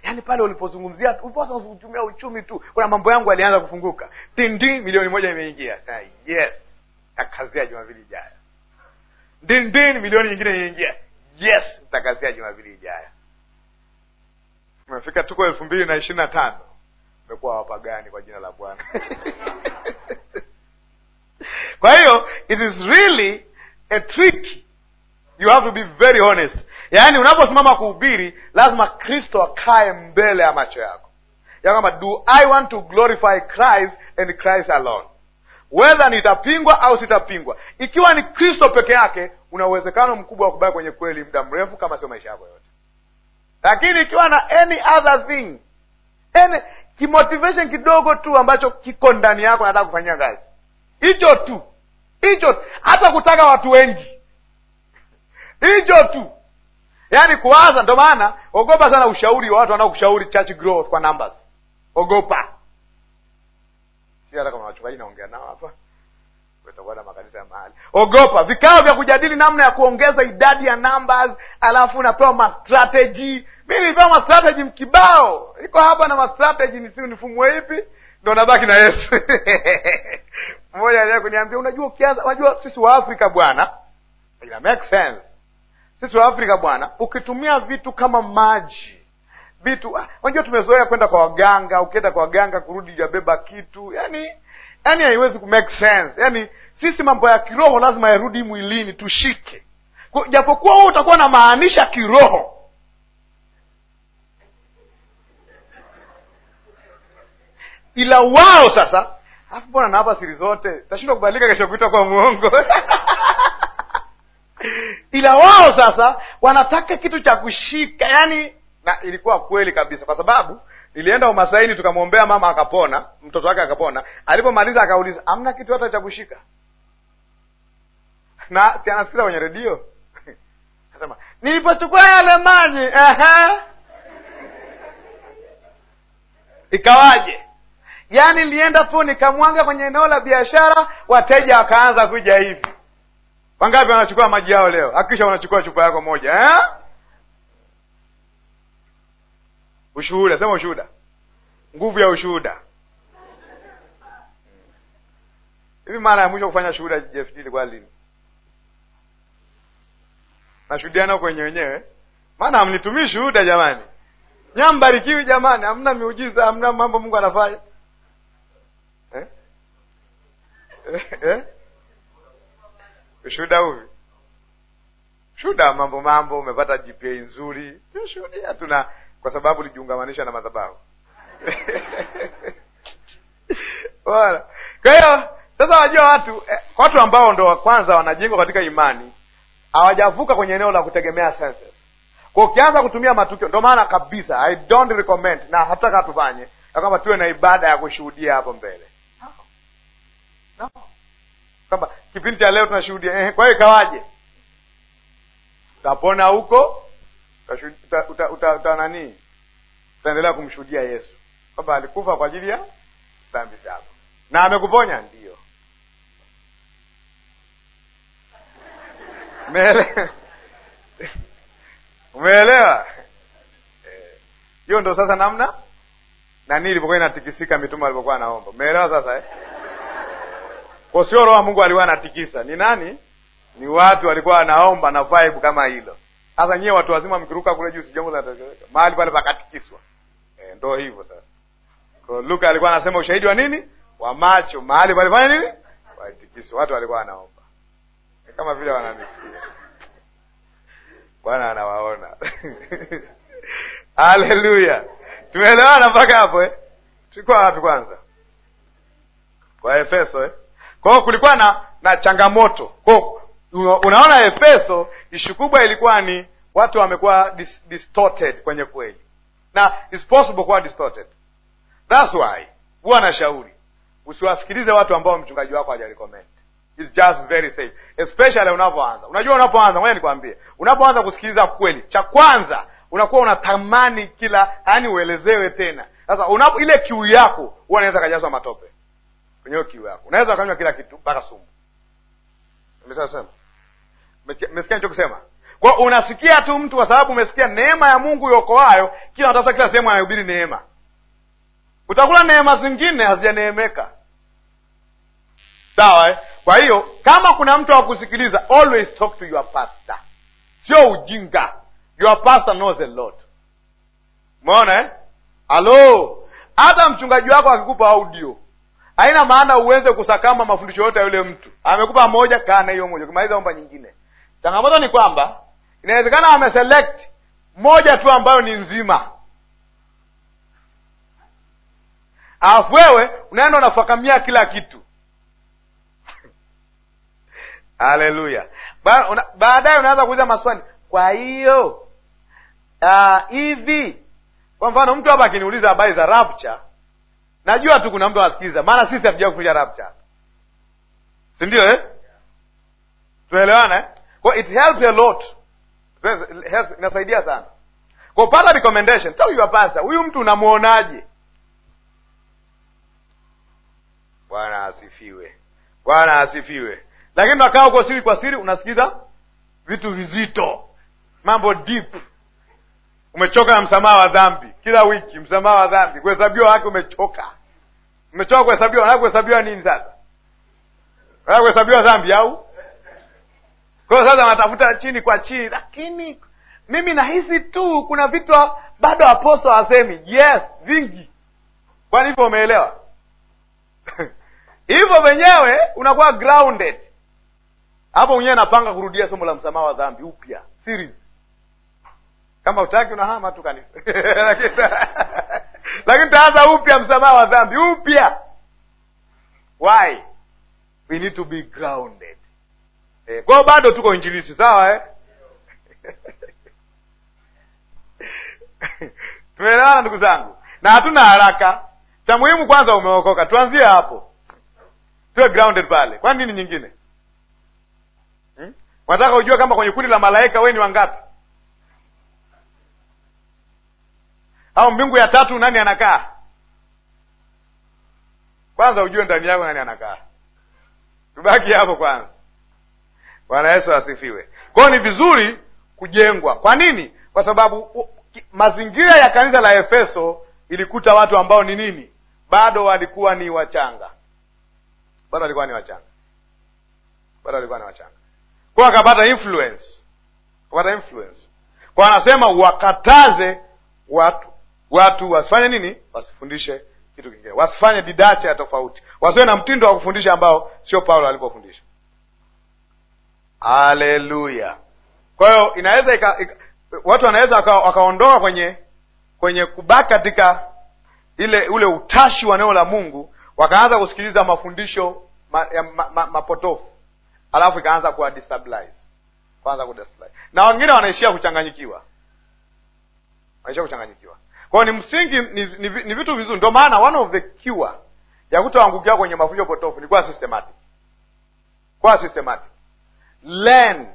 yaani pale ulipozungumzia ulipotumia uchumi tu kuna mambo yangu alianza kufunguka dindi milioni moja imeingia ah, yes takazia jumapili ijayo dindin milioni nyingine imeingia yes takazia jumapili ijayo umefika tuko elfu mbili na ishirini na tano umekuwa wapagani kwa jina la bwana (laughs) kwa hiyo it is really a you have to be very honest. Yaani unaposimama kuhubiri, lazima Kristo akae mbele ya macho yako ya kwamba do I want to glorify Christ and Christ alone, whether nitapingwa au sitapingwa. Ikiwa ni Kristo peke yake, una uwezekano mkubwa wa kubaki kwenye kweli muda mrefu, kama sio maisha yako yote. Lakini ikiwa na any other thing, any kimotivation kidogo tu ambacho kiko ndani yako, nataka kufanyia kazi, hicho tu hicho, hata kutaka watu wengi hicho tu, yaani kuwaza. Ndo maana ogopa sana ushauri wa watu wanaokushauri church growth kwa numbers, ogopa hata kama wachungaji naongea nao hapa na makanisa ya mahali, ogopa vikao vya kujadili namna ya kuongeza idadi ya numbers, alafu unapewa mastrategi. Mi nilipewa mastrategi mkibao, iko hapa na mastrategy nisiu nifumue ipi, ndo nabaki na Yesu (laughs) mmoja aliye kuniambia, unajua ukianza, unajua sisi wa Afrika bwana, ina make sense sisi wa Afrika bwana, ukitumia vitu kama maji vitu ah, unajua, tumezoea kwenda kwa waganga. Ukienda kwa waganga, kurudi jabeba kitu, yani yani haiwezi ku make sense. Yani sisi mambo ya kiroho lazima yarudi mwilini, tushike, japokuwa wewe utakuwa na maanisha kiroho. Ila wao sasa, afu mbona nawapa siri zote tashindwa kubadilika, kesho kuita kwa muongo (laughs) ila wao sasa wanataka kitu cha kushika yani, na ilikuwa kweli kabisa, kwa sababu nilienda Umasaini tukamwombea mama akapona, mtoto wake akapona. Alipomaliza akauliza amna kitu hata cha kushika, (laughs) na si anasikiza kwenye redio (laughs) Asema nilipochukua yale maji (laughs) ikawaje? Yani nilienda tu nikamwanga kwenye eneo la biashara, wateja wakaanza kuja hivi Wangapi wanachukua maji yao leo? Hakikisha wanachukua chupa yako moja eh? Ushuhuda, sema ushuhuda, nguvu ya ushuhuda. Hivi mara ya mwisho kufanya shuhuda JFD ilikuwa lini? Nashuhudiana kwenye wenyewe, maana hamnitumii shuhuda jamani, nyambarikiwi jamani, hamna miujiza, hamna mambo Mungu anafanya eh? Eh? Eh? ushuhuda uvi shuhuda mambo mambo, umepata GPA nzuri, shuhudia tuna, kwa sababu lijiungamanisha na madhabahu (laughs) bwana. Kwa hiyo sasa, wajua watu eh, watu ambao ndo kwanza wanajengwa katika imani hawajavuka kwenye eneo la kutegemea sense Kwa ukianza kutumia matukio, ndo maana kabisa I don't recommend na hatutaka tufanye na kwamba tuwe na ibada ya kushuhudia hapo mbele no. No kwamba kipindi cha leo tunashuhudia eh, kwa hiyo ikawaje? Utapona huko, uta nani, utaendelea kumshuhudia Yesu kwamba alikufa kwa ajili ya dhambi zako na amekuponya, ndio umeelewa? Eh, hiyo ndo sasa namna nani ilivyokuwa inatikisika, mitume alivyokuwa anaomba. Umeelewa sasa eh? Kwa sio roho Mungu alikuwa anatikisa, ni nani? Ni watu walikuwa wanaomba na vibe kama hilo. Sasa nyewe watu wazima mkiruka kule juu, si jambo mahali pale, pakatikiswa. E, eh, ndo hivyo sasa. Kwa Luka alikuwa anasema ushahidi wa nini? Wa macho, mahali pale fanya nini? Walitikiswa, watu walikuwa wanaomba e, kama vile wananisikia Bwana anawaona (laughs) Haleluya, tumeelewana mpaka hapo eh? Tulikuwa wapi kwanza? Kwa Efeso eh? Kwa hiyo kulikuwa na na changamoto. Kwa hiyo unaona, Efeso ishu kubwa ilikuwa ni watu wamekuwa dis, distorted kwenye kweli, na it's possible kuwa distorted. That's why huwa anashauri usiwasikilize watu ambao mchungaji wako hajarecommend. It's just very safe, especially unapoanza. Unajua, unapoanza, ngoja nikwambie, unapoanza kusikiliza kweli, cha kwanza unakuwa unatamani kila, yani uelezewe tena. Sasa ile kiu yako huwa unaweza kajazwa matope kwenye hiyo kiu yako unaweza ukanywa kila kitu mpaka sumu. Mesikia nicho kusema Kwa unasikia tu mtu, kwa sababu umesikia neema ya Mungu yokoayo, kila unatafuta, kila sehemu anahubiri neema. Utakula neema zingine hazijaneemeka, sawa eh? Kwa hiyo kama kuna mtu akusikiliza, always talk to your pastor, sio ujinga. Your pastor knows a lot, umeona eh? Halo, hata mchungaji wako akikupa audio Haina maana uweze kusakama mafundisho yote ya yule mtu. Amekupa moja, kaa na hiyo moja, kumaliza omba nyingine. Changamoto ni kwamba inawezekana ameselect moja tu ambayo ni nzima, alafu wewe unaenda unafakamia kila kitu. (laughs) Haleluya! Baadaye unaanza kuuliza maswali, kwa hiyo ah, hivi. Uh, kwa mfano mtu hapa akiniuliza habari za rapture Najua tu kuna mtu anasikiliza, maana sisi hatujawahi kufanya rapcha sindio eh? Tunaelewana eh? it helps a lot, inasaidia sana kwa pata recommendation. your pastor, huyu mtu unamwonaje? Bwana asifiwe, Bwana asifiwe. Lakini unakaa huko siri kwa siri, unasikiza vitu vizito, mambo deep Umechoka na msamaha wa dhambi, kila wiki msamaha wa dhambi, kuhesabiwa haki. Umechoka, umechoka kuhesabiwa na kuhesabiwa nini sasa? Na kuhesabiwa dhambi au kwa hiyo sasa wanatafuta chini kwa chini, lakini mimi nahisi tu kuna vitu bado aposto hawasemi. yes vingi. Kwani hivyo umeelewa? (laughs) hivyo wenyewe unakuwa grounded hapo mwenyewe. Napanga kurudia somo la msamaha wa dhambi upya series kama utaki unahama tu kanisa (laughs) (laughs) lakini taanza upya msamaha wa dhambi upya. Why we need to be grounded eh? Kwao bado tuko injilisi sawa eh? (laughs) Tumeelewana ndugu zangu, na hatuna haraka. Cha muhimu kwanza umeokoka, tuanzie hapo, tuwe grounded pale. Kwani nini nyingine hmm? Wanataka ujua kama kwenye kundi la malaika we ni wangapi? au mbingu ya tatu nani anakaa? Kwanza ujue ndani yako nani anakaa, tubaki hapo kwanza. Bwana Yesu asifiwe. Kwayo ni vizuri kujengwa. Kwa nini? Kwa sababu mazingira ya kanisa la Efeso ilikuta watu ambao ni nini, bado walikuwa ni wachanga, bado walikuwa ni wachanga, bado walikuwa ni wachanga, kwa akapata influence, akapata influence kwa, anasema wakataze watu watu wasifanye nini? Wasifundishe kitu kingine, wasifanye didacha ya tofauti, wasiwe na mtindo wa kufundisha ambao sio Paulo alipofundisha. aleluya Kwa hiyo inaweza watu wanaweza wakaondoka kwenye kwenye kubaki katika ile ule utashi wa neno la Mungu, wakaanza kusikiliza mafundisho ma, ma, ma, mapotofu, alafu ikaanza kuwa kwanza ku na wengine wanaishia kuchanganyikiwa, wanaishia kuchanganyikiwa kwao ni msingi, ni, ni, ni vitu vizuri. Ndio maana one of the cure ya kutoangukia kwenye mafundisho potofu ni kuwa systematic, kuwa systematic, learn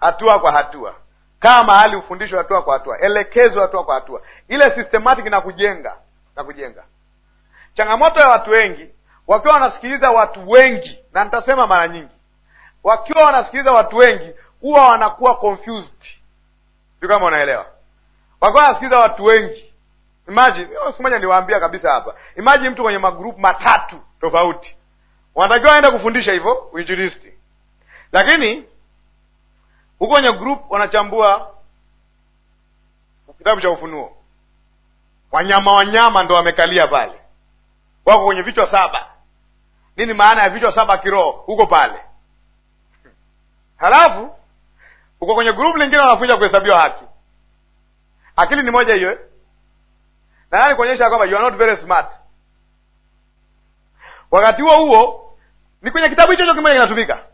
hatua kwa hatua, kama mahali ufundishwe hatua kwa hatua, elekezwe hatua kwa hatua, ile systematic na kujenga na kujenga. Changamoto ya watu wengi wakiwa wanasikiliza watu wengi, na nitasema mara nyingi, wakiwa wanasikiliza watu wengi huwa wanakuwa confused, sio kama unaelewa, wakiwa wanasikiliza watu wengi Imagine, oh, siku moja kabisa hapa, imagine mtu kwenye magrupu matatu tofauti wanatakiwa aenda kufundisha hivyo uinjilisti, lakini huko kwenye group wanachambua kitabu cha Ufunuo. Wanyama wanyama ndo wamekalia pale, wako kwenye vichwa saba. Nini maana ya vichwa saba kiroho huko pale? Halafu uko kwenye grupu lingine wanafunja kuhesabiwa haki. Akili ni moja hiyo eh? nadani kuonyesha kwamba you are not very smart. Wakati huo huo ni kwenye kitabu hicho hicho kimoja kinatumika.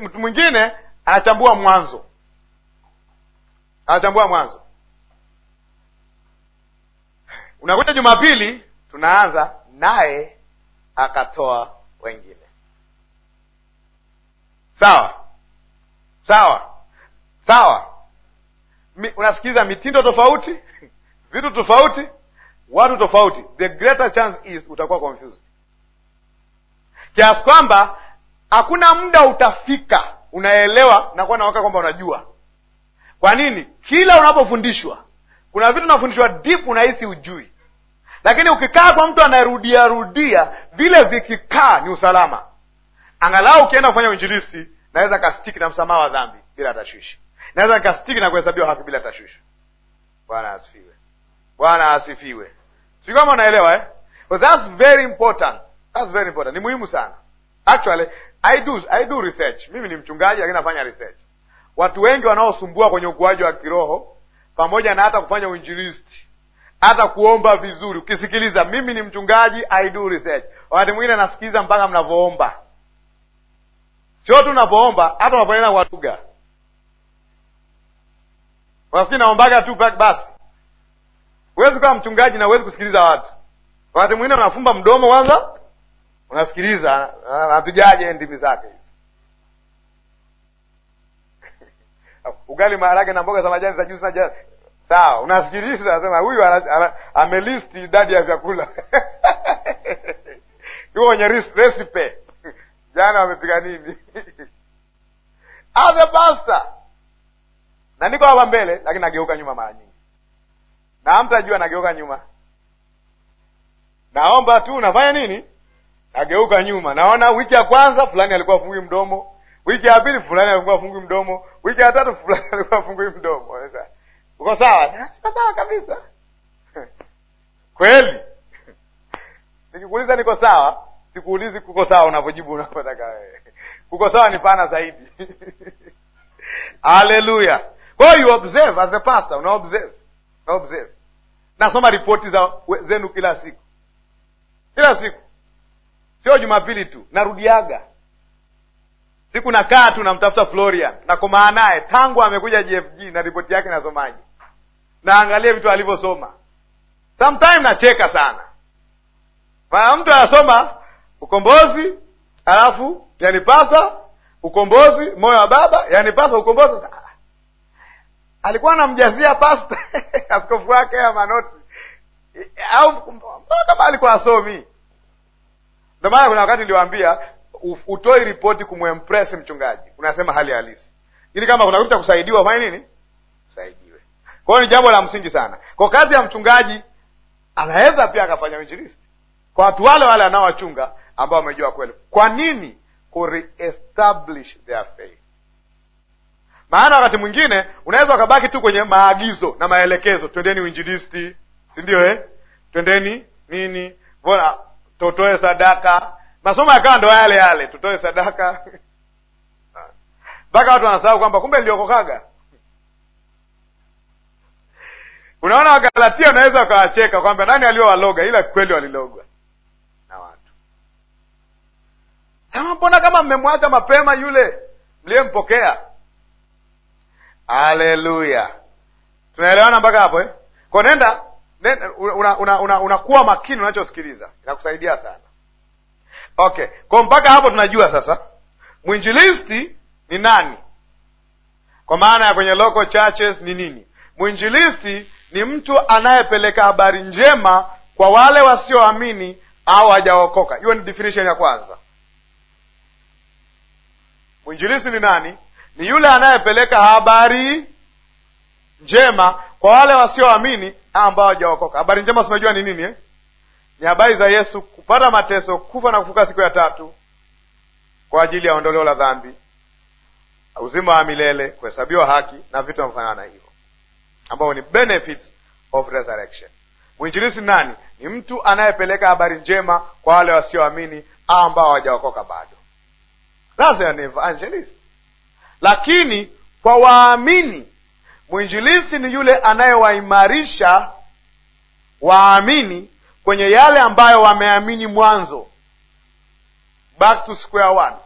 Mtu mwingine anachambua Mwanzo, anachambua Mwanzo. Unakuta Jumapili tunaanza naye akatoa wengine. Sawa sawa sawa, Mi, unasikiliza mitindo tofauti (laughs) vitu tofauti, watu tofauti, the greater chance is utakuwa confused kiasi kwamba hakuna muda utafika unaelewa na kuwa nawaka kwamba unajua. Kwa nini? Kila unapofundishwa kuna vitu unafundishwa deep, unahisi ujui, lakini ukikaa kwa mtu anayerudia rudia vile vikikaa, ni usalama. Angalau ukienda kufanya uinjilisti, naweza kastiki na msamaha wa dhambi bila tashwishi, naweza nikastiki na kuhesabiwa haki bila tashwishi. Bwana asifiwe. Bwana asifiwe. Sijui kama unaelewa eh? But that's very important. That's very important. Ni muhimu sana. Actually, I do, I do research. Mimi ni mchungaji lakini nafanya research. Watu wengi wanaosumbua kwenye ukuaji wa kiroho pamoja na hata kufanya uinjilisti, hata kuomba vizuri. Ukisikiliza, mimi ni mchungaji, I do research. Wakati mwingine nasikiliza mpaka mnavoomba Sio tu unavyoomba, hata unaponena kwa lugha. Unafikiri naombaga tu basi. Huwezi kuwa mchungaji na huwezi kusikiliza watu. Wakati mwingine unafumba mdomo kwanza, unasikiliza anapigaje ndimi zake hizi. (laughs) Ugali, maharage na mboga za majani za juu na jana, sawa, unasikiliza, anasema huyu amelisti idadi ya vyakula (laughs) yuko kwenye recipe (laughs) jana wamepiga nini? As a pastor na niko hapa mbele, lakini nageuka nyuma mara nyingi na hamtajua nageuka nyuma. Naomba tu nafanya nini? Nageuka nyuma. Naona wiki ya kwanza fulani alikuwa afungui mdomo, wiki ya pili fulani alikuwa afungui mdomo, wiki ya tatu fulani (laughs) alikuwa afungui mdomo. Uko sawa? Eh, uko sawa kabisa (laughs) kweli. (laughs) Nikikuuliza niko sawa, sikuulizi kuko sawa, unavyojibu unavyotaka wewe. Kuko sawa ni pana zaidi. Haleluya! Kwa hiyo you observe as a pastor, una observe, una observe nasoma ripoti za zenu kila siku kila siku, sio Jumapili tu, narudiaga siku, nakaa tu namtafuta Florian, nakomaa naye tangu amekuja JFG na ripoti yake nasomaje, naangalia vitu alivyosoma. Sometime nacheka sana, maana mtu anasoma ukombozi, alafu yanipasa ukombozi, moyo wa baba, yanipasa ukombozi alikuwa anamjazia pasta (laughs) askofu wake ya manoti au kama alikuwa asomi? Ndio maana kuna wakati niliwaambia utoi ripoti kumwempresi mchungaji, unasema hali halisi, ili kama kuna kitu cha kusaidiwa fanye nini, usaidiwe. Kwa hiyo ni jambo la msingi sana. Kwa kazi ya mchungaji anaweza pia akafanya uinjilisti kwa watu wale wale anaowachunga ambao wamejua kweli. Kwa nini? ku reestablish their faith maana wakati mwingine unaweza ukabaki tu kwenye maagizo na maelekezo, twendeni uinjilisti, sindio eh? Twendeni nini, mbona tutoe sadaka. Masomo yakawa ndo yale yale, tutoe sadaka mpaka watu wanasahau kwamba kumbe niliokokaga. Unaona, Wagalatia unaweza ukawacheka kwamba nani aliowaloga, ila kweli walilogwa na watu. Sasa mbona kama mmemwacha mapema yule mliyempokea Haleluya, tunaelewana mpaka hapo eh? ko nenda unakuwa una, una, una makini unachosikiliza, inakusaidia sana. Okay, ko mpaka hapo tunajua sasa mwinjilisti ni nani, kwa maana ya kwenye local churches ni nini. Mwinjilisti ni mtu anayepeleka habari njema kwa wale wasioamini au hajaokoka. Hiyo ni definition ya kwanza. Mwinjilisti ni nani? ni yule anayepeleka habari njema kwa wale wasioamini ambao hawajaokoka. Habari njema simejua ni nini eh? Ni habari za Yesu kupata mateso, kufa na kufuka siku ya tatu kwa ajili ya ondoleo la dhambi, uzima wa milele, kuhesabiwa haki na vitu vinavyofanana na hivyo, ambao ni benefits of resurrection. Mwinjilisi nani? Ni mtu anayepeleka habari njema kwa wale wasioamini ambao hawajaokoka bado. That's an evangelist lakini kwa waamini mwinjilisti ni yule anayewaimarisha waamini kwenye yale ambayo wameamini mwanzo. Back to square one.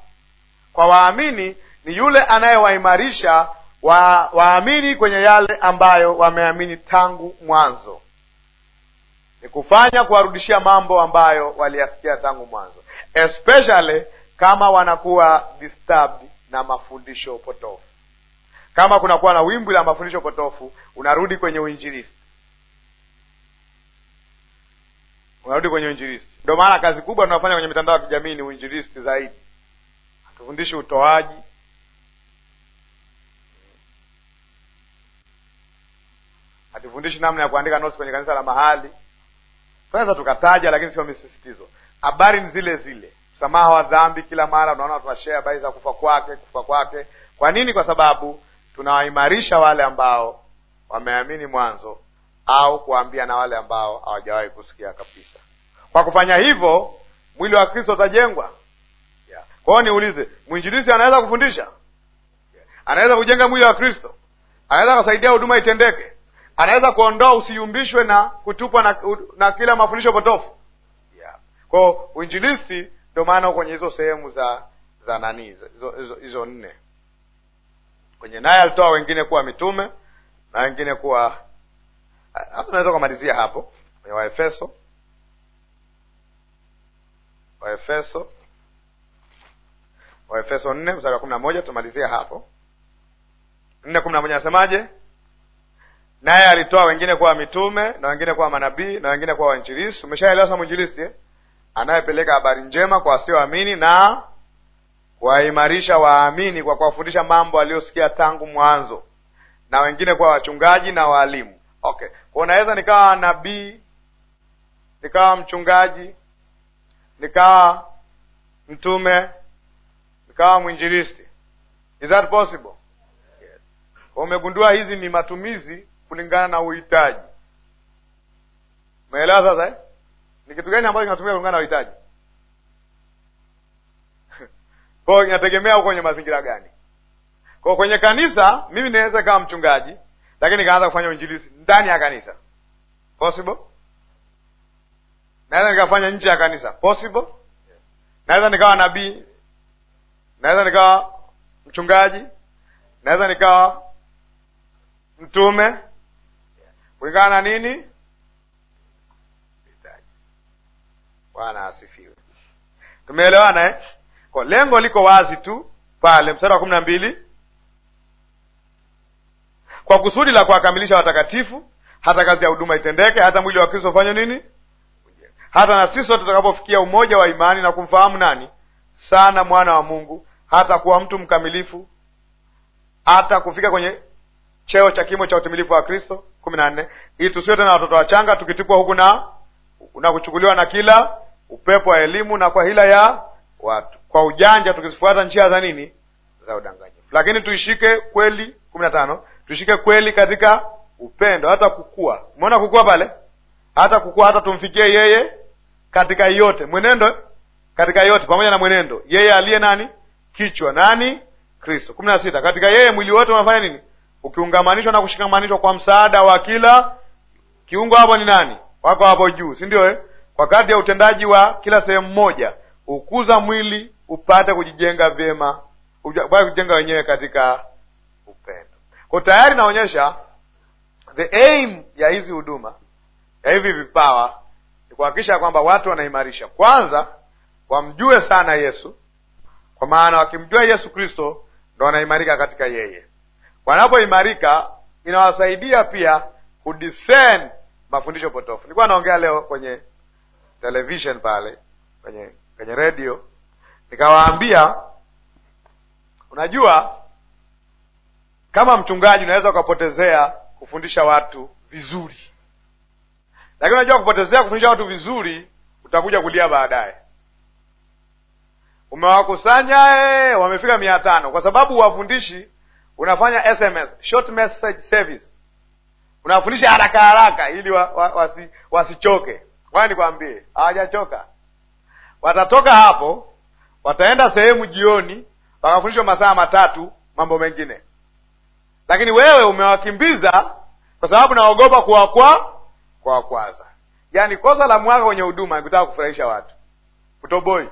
Kwa waamini ni yule anayewaimarisha wa, waamini kwenye yale ambayo wameamini tangu mwanzo, ni kufanya kuwarudishia mambo ambayo waliyasikia tangu mwanzo, especially kama wanakuwa disturbed na mafundisho potofu. Kama kunakuwa na wimbi la mafundisho potofu, unarudi kwenye uinjilisti, unarudi kwenye uinjilisti. Ndio maana kazi kubwa tunafanya kwenye mitandao ya kijamii ni uinjilisti zaidi, hatufundishi utoaji hatufundishi namna ya kuandika notes kwenye kanisa la mahali. Tunaweza tukataja, lakini sio misisitizo. Habari ni zile zile msamaha wa dhambi. Kila mara unaona tunashea habari za kufa kwake, kufa kwake. Kwa nini? Kwa sababu tunawaimarisha wale ambao wameamini mwanzo, au kuwaambia na wale ambao hawajawahi kusikia kabisa. Kwa kufanya hivyo, mwili wa Kristo utajengwa. Yeah. Kwa hiyo niulize, mwinjilisi anaweza kufundisha? Yeah. Anaweza kujenga mwili wa Kristo, anaweza kusaidia huduma itendeke, anaweza kuondoa usiyumbishwe na kutupwa na, na kila mafundisho potofu. Yeah. Kwa hiyo uinjilisti ndio maana kwenye hizo sehemu za za nani hizo nne kwenye naye alitoa wengine kuwa mitume na wengine kuwa hapo, naweza kumalizia hapo kwenye Waefeso, Waefeso, Waefeso nne mstari wa kumi na moja tumalizia hapo. Nne kumi na moja nasemaje? Naye alitoa wengine kuwa mitume na wengine kuwa manabii na wengine kuwa wainjilisi. Umeshaelewa sa mwinjilisi eh? anayepeleka habari njema kwa wasioamini na kuwaimarisha waamini kwa kuwafundisha mambo aliyosikia tangu mwanzo, na wengine kuwa wachungaji na waalimu. Okay, kwa unaweza nikawa nabii, nikawa mchungaji, nikawa mtume, nikawa mwinjilisti. Is that possible? Yes. Umegundua hizi ni matumizi kulingana na uhitaji. Umeelewa sasa eh? ni kitu gani ambacho kinatumia kulingana na uhitaji (laughs) hiyo inategemea huko kwenye mazingira gani kwa kwenye kanisa mimi naweza kama mchungaji lakini nikaanza kufanya uinjilizi ndani ya kanisa possible naweza nikafanya nje ya kanisa possible naweza nikawa nabii naweza nikawa mchungaji naweza nikawa mtume kulingana na nini Bwana asifiwe. Tumeelewana eh? Kwa lengo liko wazi tu pale mstari wa kumi na mbili, kwa kusudi la kuwakamilisha watakatifu hata kazi ya huduma itendeke, hata mwili wa Kristo ufanywe nini, hata na sisi sote tutakapofikia umoja wa imani na kumfahamu nani sana, mwana wa Mungu, hata kuwa mtu mkamilifu, hata kufika kwenye cheo cha kimo cha utimilifu wa Kristo. kumi na nne, ili tusiwe tena watoto wachanga tukitupwa huku na na kuchukuliwa na kila upepo wa elimu na kwa hila ya watu, kwa ujanja tukizifuata njia za nini, za udanganyifu. Lakini tuishike kweli. kumi na tano, tuishike kweli katika upendo hata kukua. Umeona kukua pale, hata kukua, hata tumfikie yeye katika yote, mwenendo katika yote, pamoja na mwenendo, yeye aliye nani? Kichwa nani? Kristo. kumi na sita, katika yeye mwili wote unafanya nini? Ukiungamanishwa na kushikamanishwa kwa msaada wa kila kiungo. Hapo ni nani? Wako hapo juu, si ndio eh? kwa kadri ya utendaji wa kila sehemu moja ukuza mwili upate kujijenga vyema, upate kujijenga wenyewe katika upendo. Kwa tayari naonyesha the aim ya hizi huduma ya hivi vipawa ni kuhakikisha kwamba watu wanaimarisha kwanza, wamjue sana Yesu, kwa maana wakimjua Yesu Kristo ndo wanaimarika katika yeye. Wanapoimarika inawasaidia pia kudiscern mafundisho potofu. Nilikuwa naongea leo kwenye television pale kwenye kwenye redio, nikawaambia unajua, kama mchungaji unaweza ukapotezea kufundisha watu vizuri, lakini unajua kupotezea kufundisha watu vizuri utakuja kulia baadaye. Umewakusanya ee, wamefika mia tano, kwa sababu uwafundishi unafanya SMS, short message service, unawafundisha haraka haraka ili wasichoke wa, wa, wa, wa, Kwani nikwambie, hawajachoka. Watatoka hapo, wataenda sehemu jioni, wakafundishwa masaa matatu mambo mengine. Lakini wewe umewakimbiza kwa sababu naogopa kuwakwa kuwakwaza. Yaani kosa la mwaka kwenye huduma ni kutaka kufurahisha watu, utoboi.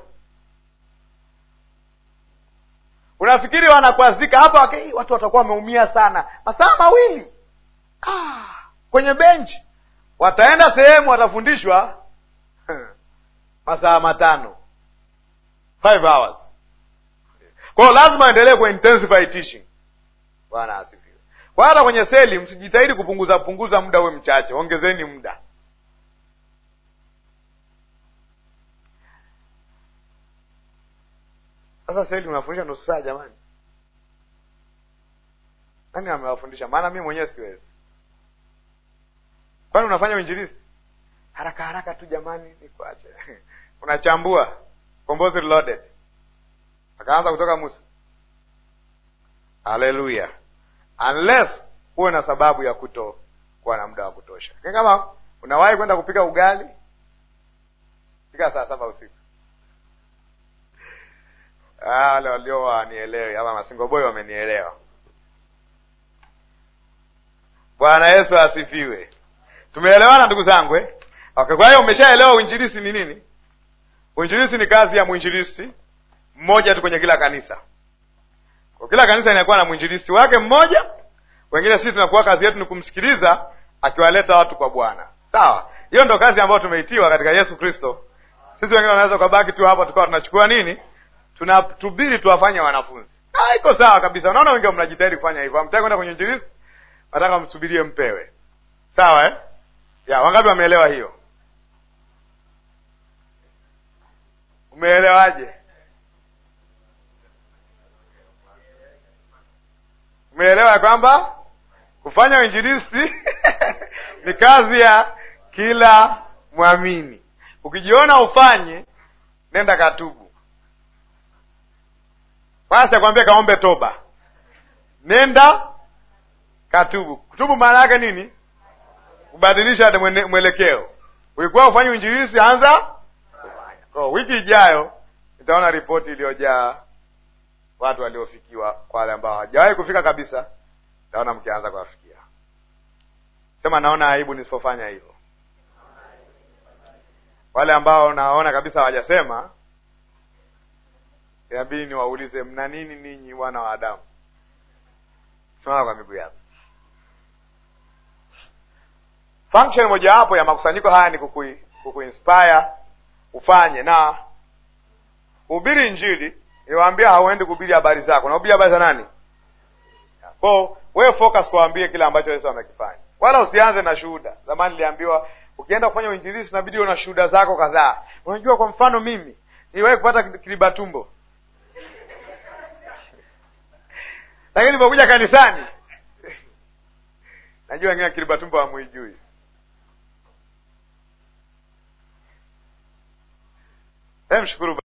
Unafikiri wanakwazika hapa, watu watakuwa wameumia sana masaa mawili ah, kwenye benchi wataenda sehemu watafundishwa (laughs) masaa matano, five hours. lazima aendelee kuwahata intensify teaching. Bwana asifiwe. Kwa hata kwenye seli msijitahidi kupunguza punguza muda uwe mchache, ongezeni muda. Sasa seli unafundisha nusu saa, jamani, nani amewafundisha? Maana mi mwenyewe siwezi pale unafanya uinjilizi haraka haraka tu, jamani nikwache (laughs) unachambua Kombozi akaanza kutoka Musa. Haleluya! unless huwe na sababu ya kuto kuwa na muda wa kutosha. lakini kama unawahi kwenda kupika ugali, pika saa saba usiku. (laughs) Wale walio wanielewi ama masingoboi wamenielewa. Bwana Yesu asifiwe. Tumeelewana ndugu zangu eh? Okay, kwa hiyo umeshaelewa uinjilisti ni nini? Uinjilisti ni kazi ya mwinjilisti mmoja tu kwenye kila kanisa. Kwa kila kanisa inakuwa na mwinjilisti wake mmoja, wengine sisi tunakuwa kazi yetu ni kumsikiliza akiwaleta watu kwa Bwana. Sawa, hiyo ndo kazi ambayo tumeitiwa katika Yesu Kristo. Sisi wengine wanaweza ukabaki tu hapa tukawa tunachukua nini, tunatubiri tuwafanye wanafunzi. Ah, iko sawa kabisa. Unaona, wengi mnajitahidi kufanya hivyo, hamtaki kwenda kwenye injilisti, nataka msubirie mpewe. Sawa eh? ya wangapi wameelewa hiyo? Umeelewaje? Umeelewa ya kwamba kufanya uinjilisti (laughs) ni kazi ya kila mwamini. Ukijiona ufanye, nenda katubu. Basi akwambia kaombe toba, nenda katubu. Kutubu maana yake nini? kubadilisha mwelekeo. Ulikuwa ufanye uinjilisi, anza kufanya. Kwa wiki ijayo nitaona ripoti iliyojaa watu waliofikiwa, kwa wale ambao hawajawahi kufika kabisa, nitaona mkianza kuwafikia. Sema, naona aibu nisipofanya hivyo. Wale ambao naona kabisa hawajasema, inabidi niwaulize, mna nini ninyi wana wa Adamu? Simama kwa miguu yako. Function mojawapo ya makusanyiko haya ni kukui, kukuinspire ufanye na ubiri Injili. Niwaambia hauendi kuhubiri habari zako, unahubiri habari za nani? Ko wewe focus kuambie kile ambacho Yesu amekifanya, wala usianze na shuhuda. Zamani niliambiwa ukienda kufanya uinjilisti inabidi na shuhuda zako kadhaa. Unajua, kwa mfano mimi niliwahi kupata kiriba tumbo, (laughs) lakini nilipokuja kanisani (laughs) najua wengine kiriba tumbo امشي في رباعية